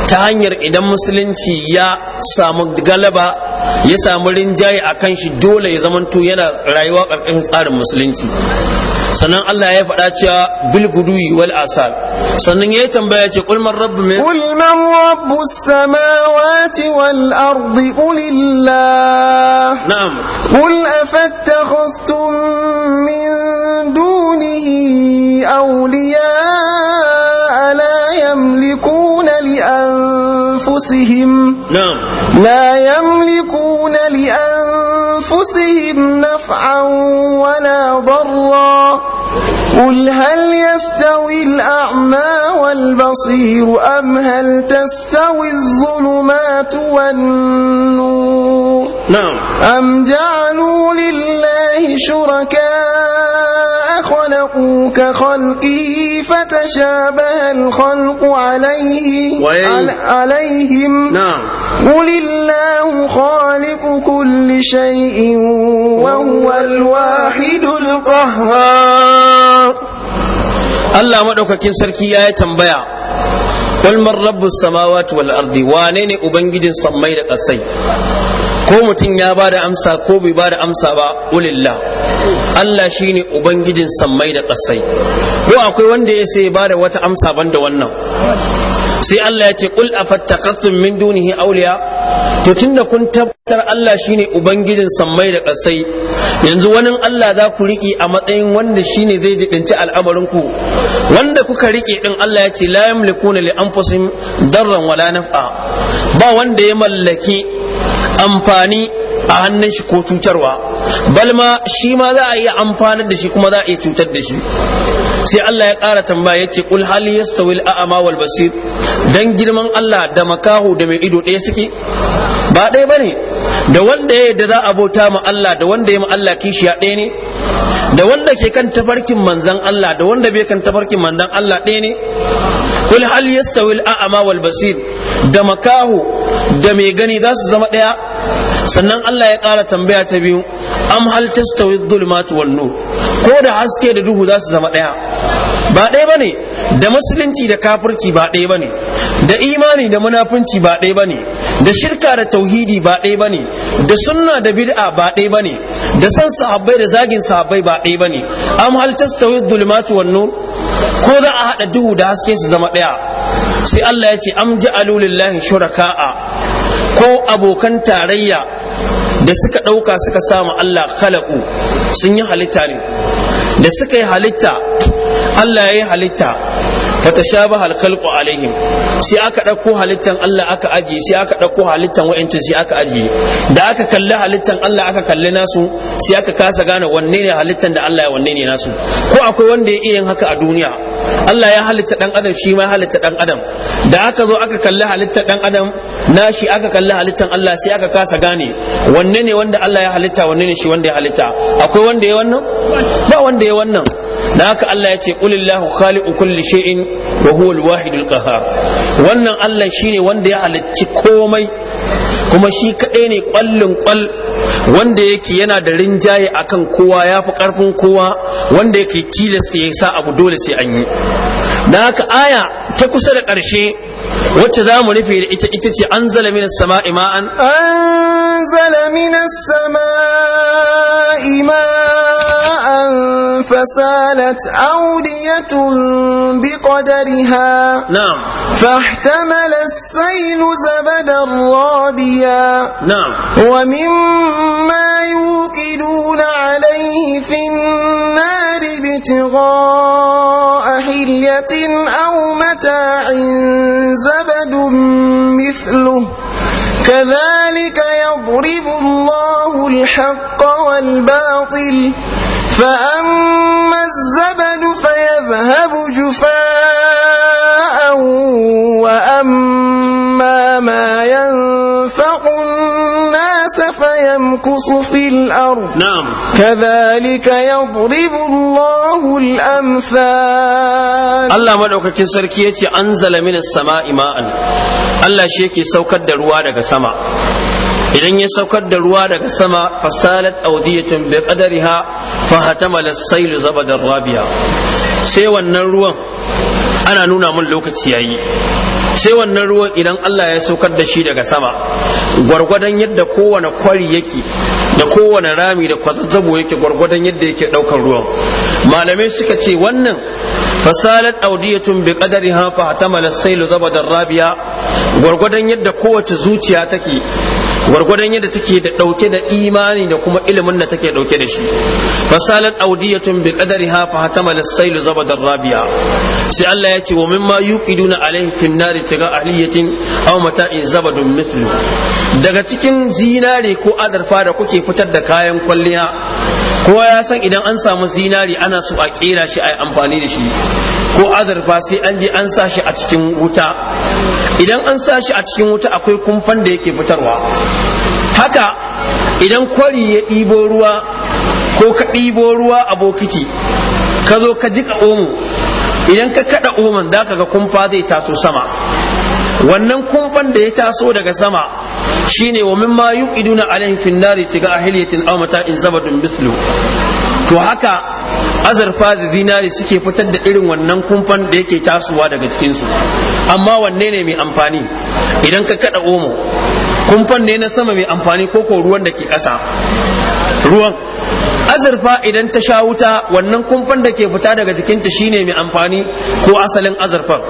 ta hanyar idan musulunci ya samu galaba ya samu rinjaye a kan shi dole ya zamanto yana rayuwa ƙarƙashin tsarin musulunci sannan Allah ya faɗa cewa bil guduyi wal asal sannan ya tambaya ce kul man rabbu min kul man rabbu samawati wal ardi qulillah na'am qul afattakhastum min dunihi awliya la yamliku يملكون لأنفسهم نعم لا يملكون لأنفسهم نفعا ولا ضرا قل هل يستوي الأعمى والبصير أم هل تستوي الظلمات والنور نعم أم جعلوا لله شركاء خلقوا كخلقه فتشابه الخلق عليه عليهم نعم قل الله خالق كل شيء وهو الواحد القهار Allah maɗaukakin sarki ya yi tambaya wal man rabbus samawati wal ardi wane ne ubangijin sammai da ƙasai ko mutum ya ba da amsa ko bai ba da amsa ba ulillah Allah shine ubangijin sammai da ƙasai ko akwai wanda ya sai bada wata amsa banda wannan sai Allah ya ce qul afattaqtum min dunihi awliya to tunda kun tabbatar Allah shine ubangijin sammai da ƙasai yanzu wani Allah za ku riƙe a matsayin wanda shine zai jibinci al'amarin ku wanda kuka riƙe ɗin Allah ya ce la yamlikuna li anfusihim darran wala naf'a ba wanda ya mallaki amfani a hannun shi ko cutarwa balma shi ma za a iya amfanar da shi kuma za a iya cutar da shi sai Allah ya ƙara tambaya ya kul hal yastawi al a'ma wal basir dan girman Allah da makaho da mai ido ɗaya suke ba ɗaya bane da wanda ya da za a bauta ma Allah da wanda ya ma Allah kishiya ɗaya ne da wanda ke kan tafarkin manzan Allah da wanda bai kan tafarkin manzan Allah ɗaya ne kul hal yastawi al a'ma wal basir da makaho da mai gani za su zama ɗaya sannan Allah ya ƙara tambaya ta biyu am hal tastawi dhulumatu wan nur ko da haske da duhu za su zama ɗaya ba ɗaya bane da musulunci da kafirci ba ɗaya bane da imani da munafunci ba ɗaya bane da shirka da tauhidi ba ɗaya bane da sunna da bid'a ba ɗaya bane da san sahabbai da zagin sahabbai ba ɗaya bane am hal tastawi dhulumatu wan nur ko za a haɗa duhu da haske su zama ɗaya sai Allah ya ce am ja'alu lillahi shuraka'a ko abokan tarayya da suka ɗauka suka samu Allah khalaku sun yi halitta ne da suka yi halitta Allah ya yi halitta fatashabaha alkhalqu alaihim sai aka ɗauko halittan Allah aka aje sai aka ɗauko halittan wa'ancin sai aka aje da aka kalli halittan Allah aka kalli nasu sai aka kasa gane wanne ne halittan da Allah ya wanne ne nasu ko akwai wanda ya iya yin haka a duniya Allah ya halitta dan adam shi ma halitta dan adam da aka zo aka kalli halittan dan adam nashi aka kalli halittan Allah sai aka kasa gane wanne ne wanda Allah ya halitta wanne ne shi wanda ya halitta akwai wanda ya wannan ba wanda ya wannan da haka Allah ya ce qulillahu khaliqu kulli shay'in wa huwa al-wahidul qahhar wannan Allah shine wanda ya halicci komai kuma shi kadai ne kwallin kwal wanda yake yana da rinjaye akan kowa ya fi karfin kowa wanda yake tilasta ya sa abu dole sai an yi da haka aya ta kusa da ƙarshe wacce za mu rufe da ita ita ce an zala minas sama'i ma'an an zala minas sama'i ma'an فسالت أودية بقدرها نعم فاحتمل السيل زبدا رابيا نعم ومما يوقدون عليه في النار ابتغاء حلية أو متاع زبد مثله كذلك يضرب الله الحق والباطل فأما الزبد فيذهب جفاء وأما ما ينفع الناس فيمكث في الأرض نعم كذلك يضرب الله الأمثال الله مدعوك سركية أنزل من السماء ماء الله شيكي سوكد روا daga sama idan ya saukar da ruwa daga sama fasalat audiyatun bi qadariha fa hatama as-sayl zabadar rabiya sai wannan ruwan ana nuna mun lokaci yayi sai wannan ruwan idan Allah ya saukar da shi daga sama gwargwadon yadda kowane kwari yake da kowane rami da kwazazzabo yake gwargwadon yadda yake daukar ruwan malamai suka ce wannan fasalat audiyatun bi qadariha fa hatamala sailu zabadar rabiya gwargwadon yadda kowace zuciya take gwargwadon yadda take da dauke da imani da kuma ilimin da take dauke da shi fasalat audiyatun bi qadariha fa hatamala sailu zabadar rabiya sai Allah ya ce wa mimma yuqiduna alaihi fin nari tiga ahliyatin aw mata'in zabadun mithlu daga cikin zinare ko adarfa da kuke fitar da kayan kwalliya kowa ya san idan an samu zinari ana so a kera shi a yi amfani da shi ko azurfa sai an je an sa shi a cikin wuta idan an sa shi a cikin wuta akwai kumfan da yake fitarwa haka idan kwari ya ɗibo ruwa ko ka ɗibo ruwa a bokiti ka zo ka jika omo idan ka kaɗa omon za ka ga kumfa zai taso sama wannan kumfan da ya taso daga sama shine wa mimma yuqiduna alaihim fin nari tiga ahliyatin aw mata'in zabadun mislu to haka azurfa da zinari suke fitar da irin wannan kumfan da yake tasowa daga cikinsu amma wanne ne mai amfani idan ka kada omo kumfan ne na sama mai amfani ko ko ruwan da ke ƙasa ruwan azurfa idan ta sha wuta wannan kumfan da ke fita daga jikinta shine mai amfani ko asalin azurfan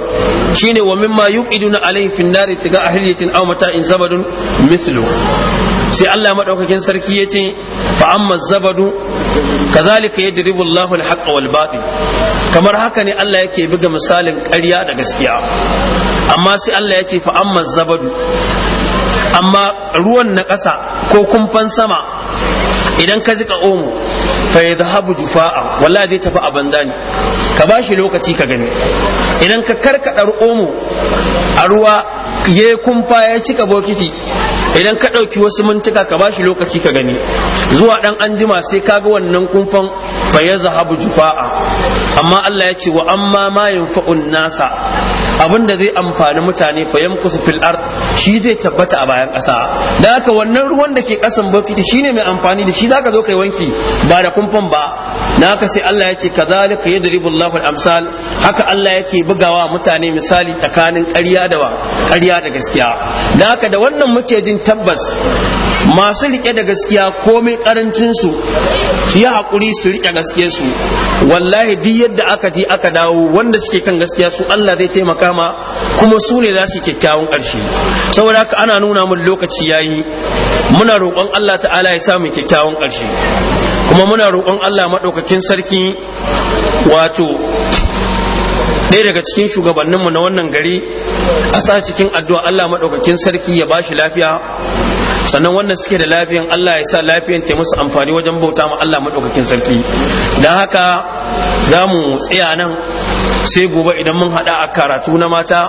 shine wa mimma yuqiduna alaihi fi nari tiga ahliyatin aw mata'in zabadun mislu sai Allah madaukakin sarki yace fa amma zabadu kazalika yadribu Allahu al wal batil kamar haka ne Allah yake buga misalin ƙarya da gaskiya amma sai Allah yake fa amma zabadu amma ruwan na ƙasa ko kumfan sama idan ka zika omo fa zahabu jufa'a wallahi zai tafi a bandani ka ba shi lokaci ka gani idan ka karkada omo a ruwa ya kumfa ya cika bokiti idan ka ɗauki wasu mintuka ka ba shi lokaci ka gani zuwa ɗan anjima sai ka ga wannan kumfan fa ya zahabu jufa'a amma Allah ya ce wa amma ma yunfa'un nasa abin da zai amfani mutane fa yamkusu fil ard shi zai tabbata a bayan ƙasa dan haka wannan ruwan da ke ƙasan bokiti ne mai amfani da shi ka zo kai wanki ba da kumfan ba dan haka sai Allah yake kadhalika yadribu Allahu al-amsal haka Allah yake bugawa mutane misali tsakanin ƙarya da wa ƙarya da gaskiya dan haka da wannan muke jin tabbas masu rike da gaskiya komai karancin su su yi hakuri su rike gaskiya su wallahi duk yadda aka ji aka dawo wanda suke kan gaskiya su Allah zai taimaka ma kuma su ne za su kyakkyawan karshe saboda haka ana nuna mun lokaci yayi muna roƙon Allah ta'ala ya samu kyakkyawan karshe kuma muna roƙon Allah madaukakin sarki wato ɗaya daga cikin shugabanninmu na wannan gari a sa cikin addu'a Allah madaukakin sarki ya ba shi lafiya sannan wannan suke da lafiyan Allah ya sa lafiyan ta musu amfani wajen bauta ma Allah madaukakin sarki dan haka zamu mu tsaya nan sai gobe idan mun hada a karatu na mata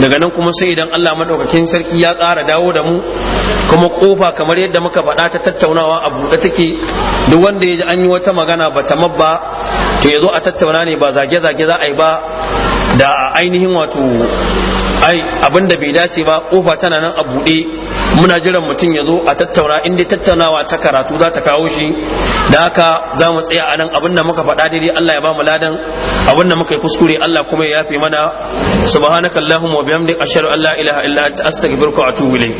daga nan kuma sai idan Allah madaukakin sarki ya ƙara dawo da mu kuma kofa kamar yadda muka faɗa ta tattaunawa a buɗe take duk wanda ya ji an yi wata magana ba ta mabba to ya zo a tattauna ne ba zage-zage za a yi ba da ainihin wato ai abin da bai dace ba kofa tana nan a buɗe muna jiran mutum ya zo a tattauna in tattaunawa ta karatu za ta kawo shi da haka za mu tsaya a nan abin da muka faɗa daidai Allah ya ba mu ladan abin da muka yi kuskure Allah kuma ya yafe mana subhanaka allahumma wa bihamdik ashhadu an la ilaha illa anta astaghfiruka wa atubu ilayk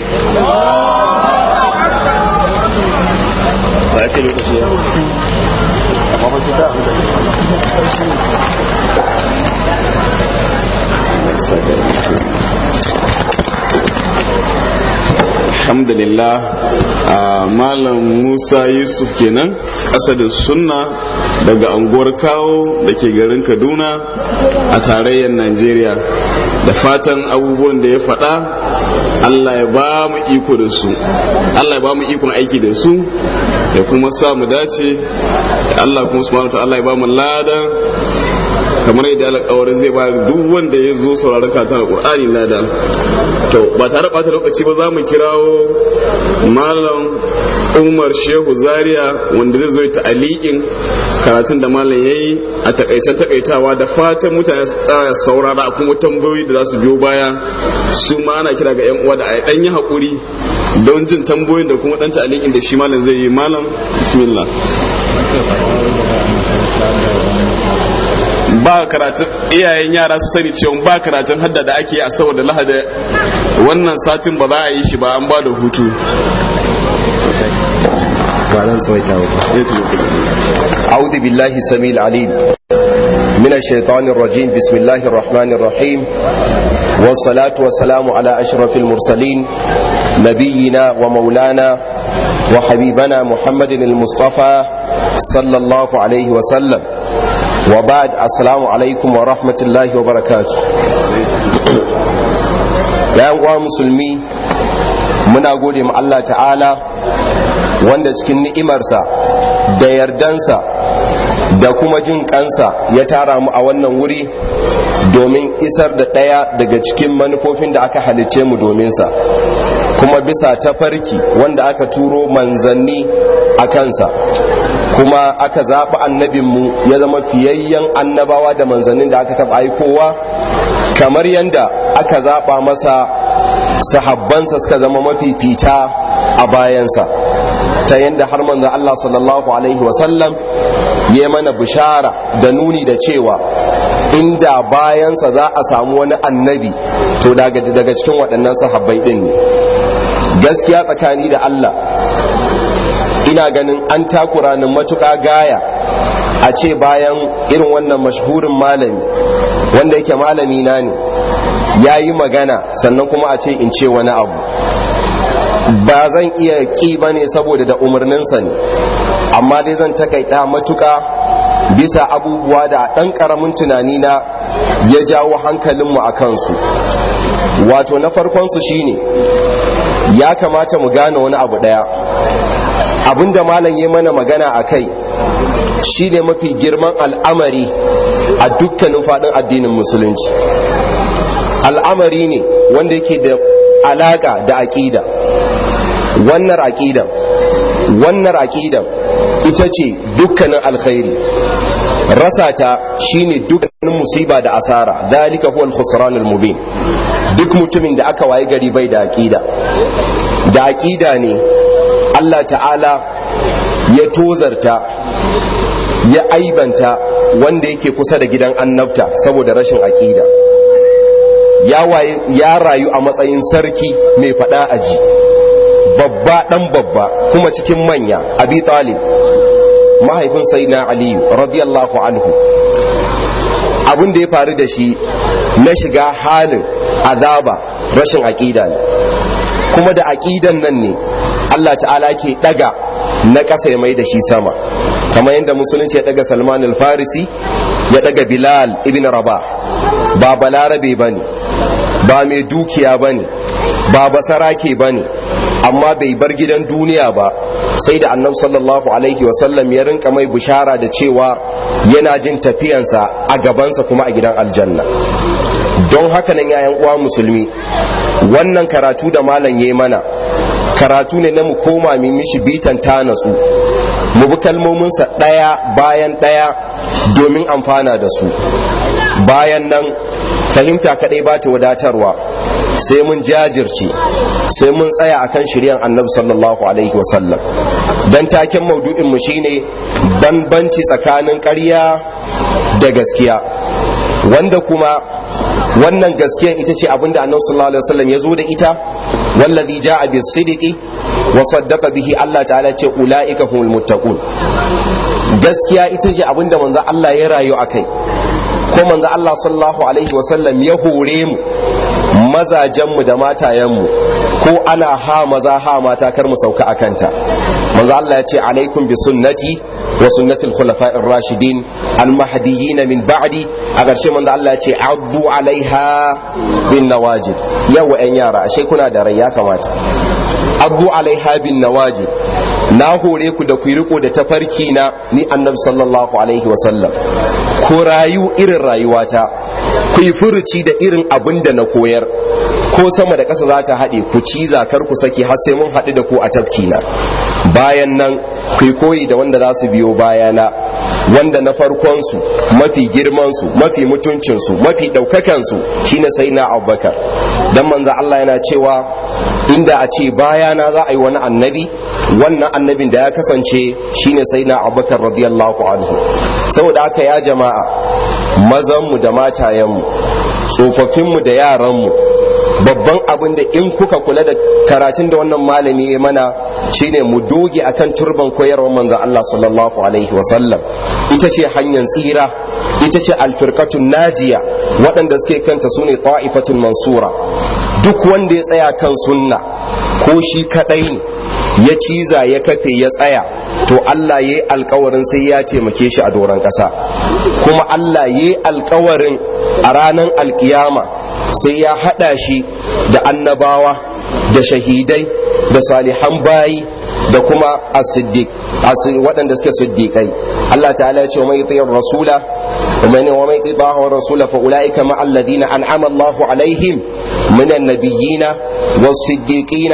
ba ce alhamdulillah ah, malam musa yusuf kenan asadin sunna daga anguwar kawo da ke garin kaduna a tarayyar najeriya da fatan abubuwan da ya faɗa allah ya ba mu iko da su allah ya ba mu ikon aiki da su ya kuma samu mu dace allah kuma su allah ya ba mu ladan kamar yadda alƙawarin zai ba duk wanda ya zo sauraron na alƙur'ani na da to ba tare ɓata lokaci ba za mu kirawo malam umar shehu zaria wanda zai zo ta aliƙin karatun da malam ya yi a takaicen takaitawa da fatan mutane tsara saurara a kuma tambayoyi da za su biyo baya su ma ana kira ga 'yan uwa da a yi yi haƙuri don jin tambayoyin da kuma ɗan ta da shi malam zai yi malam bismillah ba karatun iyayen yara su sani cewa ba karatun hadda da ake a saboda lahada wannan satin ba za a yi shi ba an ba da hutu ba zan tsawaita ba audu billahi samil alim min ash rajim bismillahir rahmanir rahim was salatu was salamu ala ashrafil mursalin nabiyyina wa maulana wa habibana muhammadin mustafa sallallahu alayhi wa sallam wa ba'ad assalamu alaikum wa rahmatullahi wa barakatu bayan uwa musulmi muna gode ma Allah ta'ala wanda cikin ni'imarsa da yardansa da kuma jin kansa ya tara mu a wannan wuri domin isar da ɗaya daga cikin manufofin da aka halicce mu dominsa kuma bisa tafarki wanda aka turo manzanni a kansa kuma aka zaɓi annabinmu ya zama fiyayyen annabawa da manzannin da aka taɓa aikowa kamar yadda aka zaɓa masa sahabbansa suka zama mafi fita a bayansa ta yadda har manzo Allah sallallahu alaihi wasallam ya mana bishara da nuni da cewa inda bayansa za a samu wani annabi to daga cikin waɗannan sahabbai ɗin ne gaskiya tsakani da Allah ina ganin an takura ni matuƙa gaya a ce bayan irin wannan mashhurin malami wanda yake malami na ne ya yi magana sannan kuma a ce in ce wani abu ba zan iya ƙi ba ne saboda da umarninsa ne amma dai zan takaita matuƙa bisa abubuwa da ɗan ƙaramin tunani na ya jawo hankalinmu a kansu wato na farkon farkonsu shine ya kamata mu gane wani abu ɗaya abinda malam ya mana magana a kai shi ne mafi girman al'amari a dukkanin faɗin addinin musulunci al'amari ne wanda yake da alaƙa da aƙida wannan aƙidan wannan aƙidan ita ce dukkanin alkhairi rasa ta shine dukkanin musiba da asara dalika huwa al-khusran al-mubin duk mutumin da aka waye gari bai da aƙida da aƙida ne Allah ta'ala ya tozarta ya aibanta wanda yake kusa da gidan annabta saboda rashin aƙida ya rayu a matsayin sarki mai faɗa aji babba ɗan babba kuma cikin manya abi talib mahaifin sai na aliyu radiyallahu anhu abin da ya faru da shi na shiga halin azaba rashin aƙida ne kuma da aƙidan nan ne Allah ta'ala ke daga na ƙasa ya mai da shi sama kamar yadda musulunci ya daga Salman al-Farisi ya daga Bilal ibn Raba, ba balarabe ba ne, ba mai dukiya ba ne, ba basarake ne, amma bai bar gidan duniya ba sai da annabi sallallahu alaihi wasallam ya rinka mai bishara da cewa yana jin tafiyansa a gabansa kuma a gidan aljanna don haka nan yayan uwa musulmi wannan karatu da malam ya yi mana karatu ne na mu koma mu mishi bitan ta su mu bi kalmominsa ɗaya bayan ɗaya domin amfana da su bayan nan fahimta kaɗai ba ta wadatarwa sai mun jajirce sai mun tsaya akan shiryan annabi sallallahu alaihi wasallam don taken maudu'in mu shine banbanci tsakanin ƙarya da gaskiya wanda kuma wannan gaskiyan ita ce abinda annabi sallallahu alaihi wasallam ya zo da ita wallazi ja bis sidqi wa saddaqa bihi Allah ta'ala ce ulaika humul muttaqun gaskiya ita ce abinda manzo Allah ya rayu akai ko manzo Allah sallallahu alaihi wa sallam ya hore mu mu da mu ko ana ha maza ha mata kar mu sauka a kanta manzo Allah ya ce alaikum bi sunnati وسنة الخلفاء الراشدين المهديين من بعدي أغرشي من الله يتي عضوا عليها بالنواجد يا yara ashe شيء كنا داري يا كمات عضوا عليها بالنواجد na hore ku da ku riko da tafarki na ni annabi sallallahu alaihi wasallam ku rayu irin rayuwata ku yi furuci da irin abin da na koyar ko sama da ƙasa za ta haɗe ku ci zakar ku saki har sai mun haɗu da ku a tafki na bayan nan ku yi koyi da wanda za su biyo bayana wanda na farkonsu mafi girmansu mafi mutuncinsu mafi ɗaukakansu shine sai na abubakar don manza Allah yana cewa inda a ce bayana za a yi wani annabi wannan annabin da ya kasance shine sai na abubakar radiyallahu anhu saboda aka ya jama'a mazanmu da matayenmu tsofaffinmu da yaranmu babban abin da in kuka kula da karatun da wannan malami ya mana shine mu doge akan turban koyarwar manzo Allah sallallahu alaihi wasallam ita ce hanyar tsira ita ce alfirkatun najiya waɗanda suke kanta sune ta'ifatun mansura duk wanda ya tsaya kan sunna ko shi kaɗai ne ya ciza ya kafe ya tsaya to Allah ya yi alkawarin sai ya taimake shi a doron ƙasa kuma Allah ya yi alkawarin a ranar alkiyama sai ya hada shi da annabawa da shahidai da salihan bayi da kuma as waɗanda suke siddiqai Allah ta'ala ya ce mai tiyar rasula ومن ومن يطاع الرسول فاولئك مع الذين انعم الله عليهم من النبيين والصديقين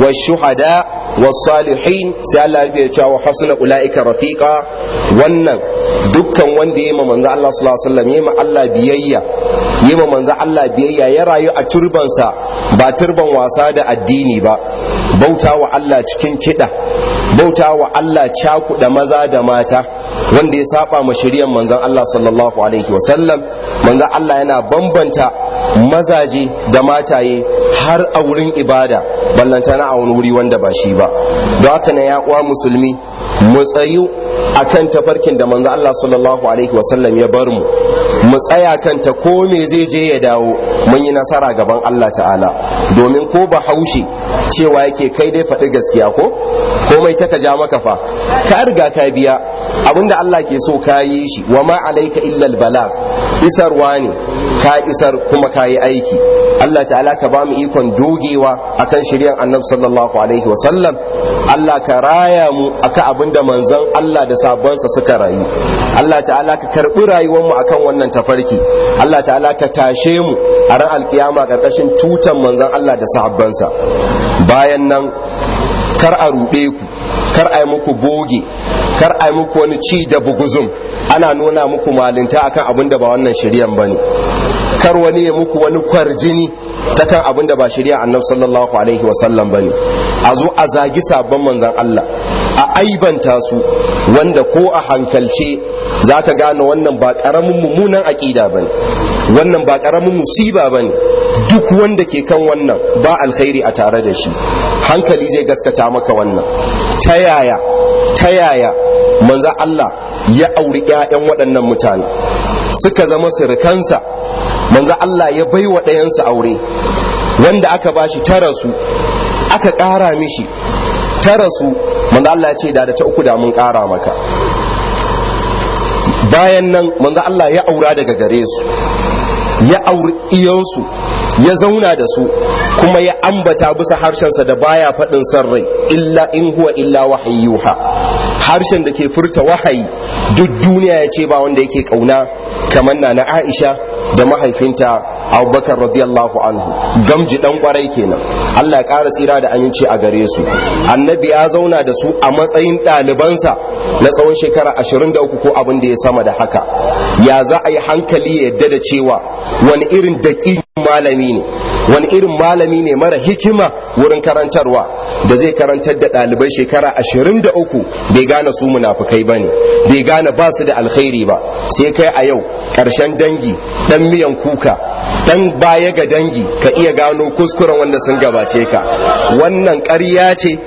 wa shuhada wa salihin sai Allah ya rufe cewa wa husna ulaika wannan dukkan wanda yayi manzo Allah sallallahu alaihi wasallam yayi Allah biyayya yayi manzo Allah biyayya ya rayu a turbansa ba turban wasa da addini ba Bautawa wa Allah cikin kiɗa bautawa wa Allah cakuɗa maza da mata wanda ya saɓa ma shiryan manzon Allah sallallahu alaihi wasallam manzon Allah yana bambanta mazaje da mataye har a wurin ibada na a wani wuri wanda ba shi ba don haka na ya kuwa musulmi mu tsayu akan tafarkin da manzo Allah sallallahu alaihi wasallam ya bar mu mu tsaya kanta ko me zai je ya dawo mun yi nasara gaban Allah ta'ala domin ko bahaushe. cewa yake kai dai faɗi gaskiya ko komai ta ka ja maka fa ka riga ka biya abinda Allah ke so ka yi shi wa ma alaika illa bala isarwa ne ka isar kuma ka yi aiki Allah ta'ala ka ba mu ikon dogewa akan shiryan annabi sallallahu alaihi wa sallam Allah ka raya mu akan abinda manzon Allah da sabonsa suka rayu Allah ta'ala ka karbi rayuwar mu akan wannan tafarki Allah ta'ala ka tashe mu a ran alkiyama karkashin tutan manzon Allah da sahabbansa bayan nan kar a ruɗe ku kar a yi muku boge kar a yi muku wani ci da buguzum ana nuna muku malinta akan abin da ba wannan shari'an ba ne kar wani ya muku wani kwarjini ta kan abin da ba shirya annab sallallahu alaihi wasallam ba ne a zo a zagi sabon manzan Allah a aibanta su wanda ko a hankalce za ka gane wannan ba ƙaramin mummunan aƙida ba ne wannan ba ƙaramin musiba ba ne duk wanda ke kan wannan ba alkhairi a tare da shi hankali zai gaskata maka wannan ta yaya ta yaya manzo Allah ya auri ƴaƴan waɗannan mutane suka zama sirikansa manzo Allah ya baiwa ɗayansa aure wanda aka bashi tara su aka ƙara mishi tara su manzo Allah ya ce da ta uku da mun ƙara maka bayan nan manzo Allah ya aura daga gare su ya auri iyansu ya zauna da su kuma ya ambata bisa harshensa da baya faɗin san rai illa in huwa illa wahayi harshen da ke furta wahayi duk duniya ya ce ba wanda yake ƙauna kamar na na Aisha da mahaifinta abubakar radiyallahu anhu gamji dan kwarai kenan allah ya ƙara tsira da aminci a gare su annabi ya zauna da su a matsayin ɗalibansa na tsawon shekara 23 ko abin da ya sama da haka ya za a yi hankali ya yadda da cewa wani irin daƙi malami ne wani irin malami ne mara hikima wurin karantarwa da zai karantar da ɗalibai shekara ashirin da uku bai gane su munafukai ba ne bai gane ba su da alkhairi ba sai kai a yau Karshen dangi ɗan miyan kuka ɗan baya ga dangi ka iya gano kuskuren wanda sun gabace ka wannan ƙarya ce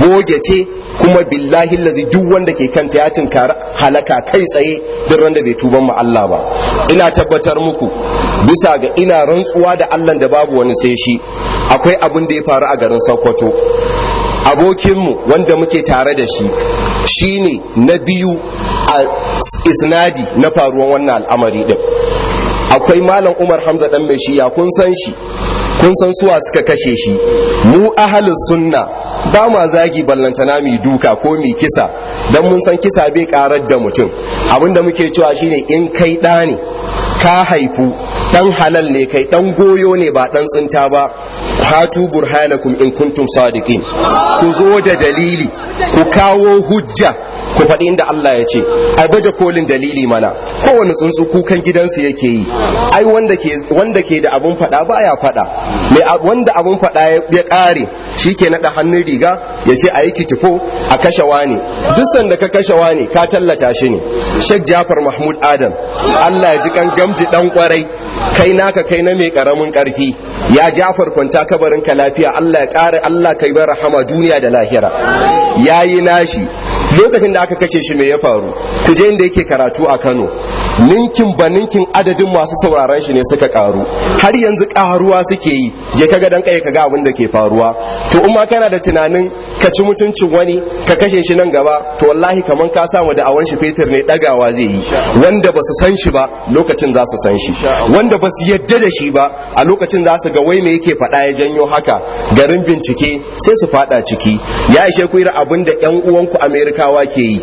boge ce kuma billahi lazi duk wanda ke kanta ya tunkari halaka kai tsaye duk randa bai tuban mu Allah ba ina tabbatar muku bisa ga ina rantsuwa da Allah da babu wani sai shi akwai abin da ya faru a garin Sokoto abokinmu wanda muke tare da shi shine na biyu a isnadi na faruwan wannan al'amari din akwai malam Umar Hamza dan mai shi ya kun san shi kun san suwa suka kashe shi mu ahalin sunna ba ma zagi ballantana mai duka ko mai kisa don mun san kisa bai karar da mutum abinda muke cewa shine in kai ɗa ne ka haifu ɗan halal ne kai ɗan goyo ne ba ɗan tsinta ba hatu burhanakum in kuntum sadiqin ku zo da dalili ku kawo hujja ku faɗi inda Allah ya ce ai baje kolin dalili mana kowane tsuntsu kukan gidansu yake yi ai wanda ke wanda ke da abun faɗa baya faɗa mai wanda abun faɗa ya ƙare shi ke naɗa hannun riga ya ce a yi kitifo a kashe wani duk sanda ka kashe wani ka tallata shi ne Sheikh Jafar Mahmud Adam Allah ya ji kan gamji dan kwarai kai naka kai na mai karamin karfi ya jafar kwanta kabarin ka lafiya Allah ya kare Allah kai bar rahama duniya da lahira yayi nashi lokacin da aka kace shi me ya faru ku je inda yake karatu a Kano ninkin ba ninkin adadin masu sauraron shi ne suka karu har yanzu karuwa suke yi je kaga dan kai kaga abin da ke faruwa to in ma kana da tunanin ka ci mutuncin wani ka kashe shi nan gaba to wallahi kaman ka samu da awan shi fetur ne dagawa zai yi wanda ba su san shi ba lokacin za su san shi wanda ba su yadda da shi ba a lokacin za su ga wai me yake faɗa ya janyo haka garin bincike sai su faɗa ciki ya ishe ku irin abin da ƴan uwanku amerikawa ke yi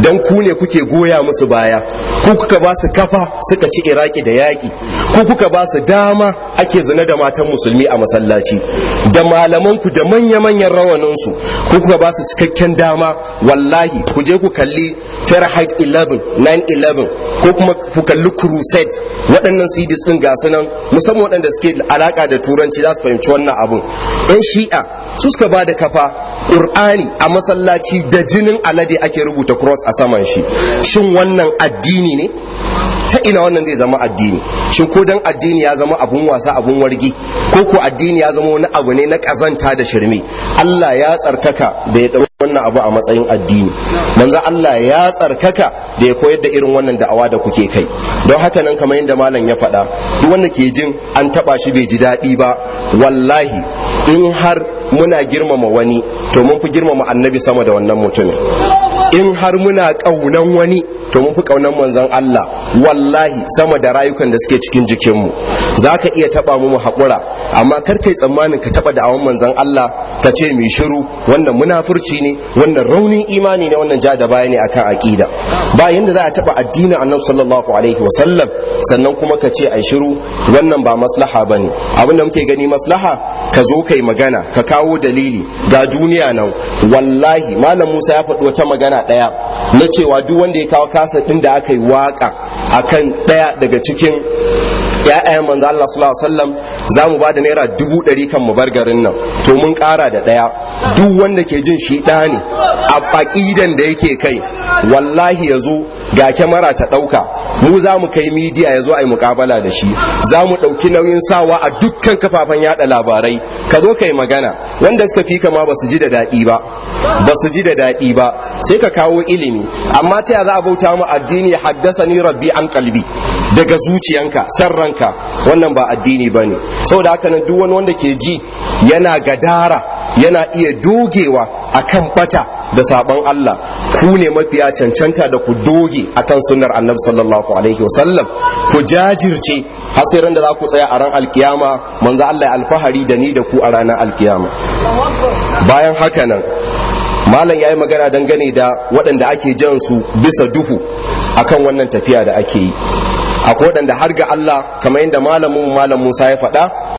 don ku ne kuke goya musu baya ku kuka ba su kafa suka ci iraki da yaƙi ku kuka ba su dama ake zina da matan musulmi a masallaci da malamanku da manya-manyan rawaninsu ku kuka ba su cikakken dama wallahi ku je ku kalli fahrenheit 11 9-11 ko kuma ku kalli crusade waɗannan cd sun gasu nan musamman waɗanda suke alaƙa da turanci za su fahimci wannan abun 'yan shi'a su suka ba da kafa ƙur'ani a masallaci da jinin alade ake rubuta cross a saman shi shin wannan addini ne ta ina wannan zai zama addini shin ko dan addini ya zama abun wasa abun wargi ko ko addini ya zama wani abu ne na kazanta da shirme Allah ya tsarkaka da ya ɗauki wannan abu a matsayin addini manzo Allah ya tsarkaka da ya koyar da irin wannan da'awa da kuke kai don haka nan kamar yadda malam ya faɗa duk wanda ke jin an taɓa shi bai ji daɗi ba wallahi in har muna girmama wani to mun fi girmama annabi sama da wannan mutumin in har muna ƙaunan wani to mun fi kaunar manzon Allah wallahi sama da rayukan da suke cikin jikinmu zaka iya taba mu mu hakura amma kar kai tsammanin ka taba awon manzon Allah ka ce mai shiru wannan munafurci ne wannan raunin imani ne wannan ja da baya ne akan aƙida. ba yanda za a taba addini Annabi sallallahu alaihi wa sallam, sannan kuma ka ce ai shiru wannan ba maslaha bane abin da muke gani maslaha ka zo kai magana ka kawo dalili da duniya nan wallahi malam Musa ya faɗi wata magana ɗaya na cewa duk wanda ya kawo kasa din da aka yi waka a kan ɗaya daga cikin ya'yan manzo Allah sallallahu alaihi wasallam za mu ba da naira dubu ɗari kan mu bar garin nan to mun ƙara da ɗaya duk wanda ke jin shi ɗa ne a faƙidan da yake kai wallahi ya zo ga kyamara ta ɗauka mu zamu kai midiya ya zo a yi muƙabala da shi za mu ɗauki nauyin sawa a dukkan kafafen yaɗa labarai ka zo ka magana wanda suka fi kama ba ji da daɗi ba ba su ji da daɗi ba sai ka kawo ilimi amma ta za a bauta mu addini haddasa ni rabbi an kalbi daga zuciyanka san ranka wannan ba addini ba Sau saboda haka nan duk wani wanda ke ji yana gadara yana iya dogewa a kan bata da sabon Allah ku ne mafiya cancanta da ku doge a kan sunar Annabi sallallahu alaihi wasallam ku jajirce har da za ku tsaya a ran alkiyama manzo Allah ya alfahari da ni da ku a ranar alkiyama bayan haka nan malam ya yi magana dangane da waɗanda ake jan su bisa duhu akan wannan tafiya da ake yi akwai waɗanda har ga Allah kamar yadda malamin malam Musa ya faɗa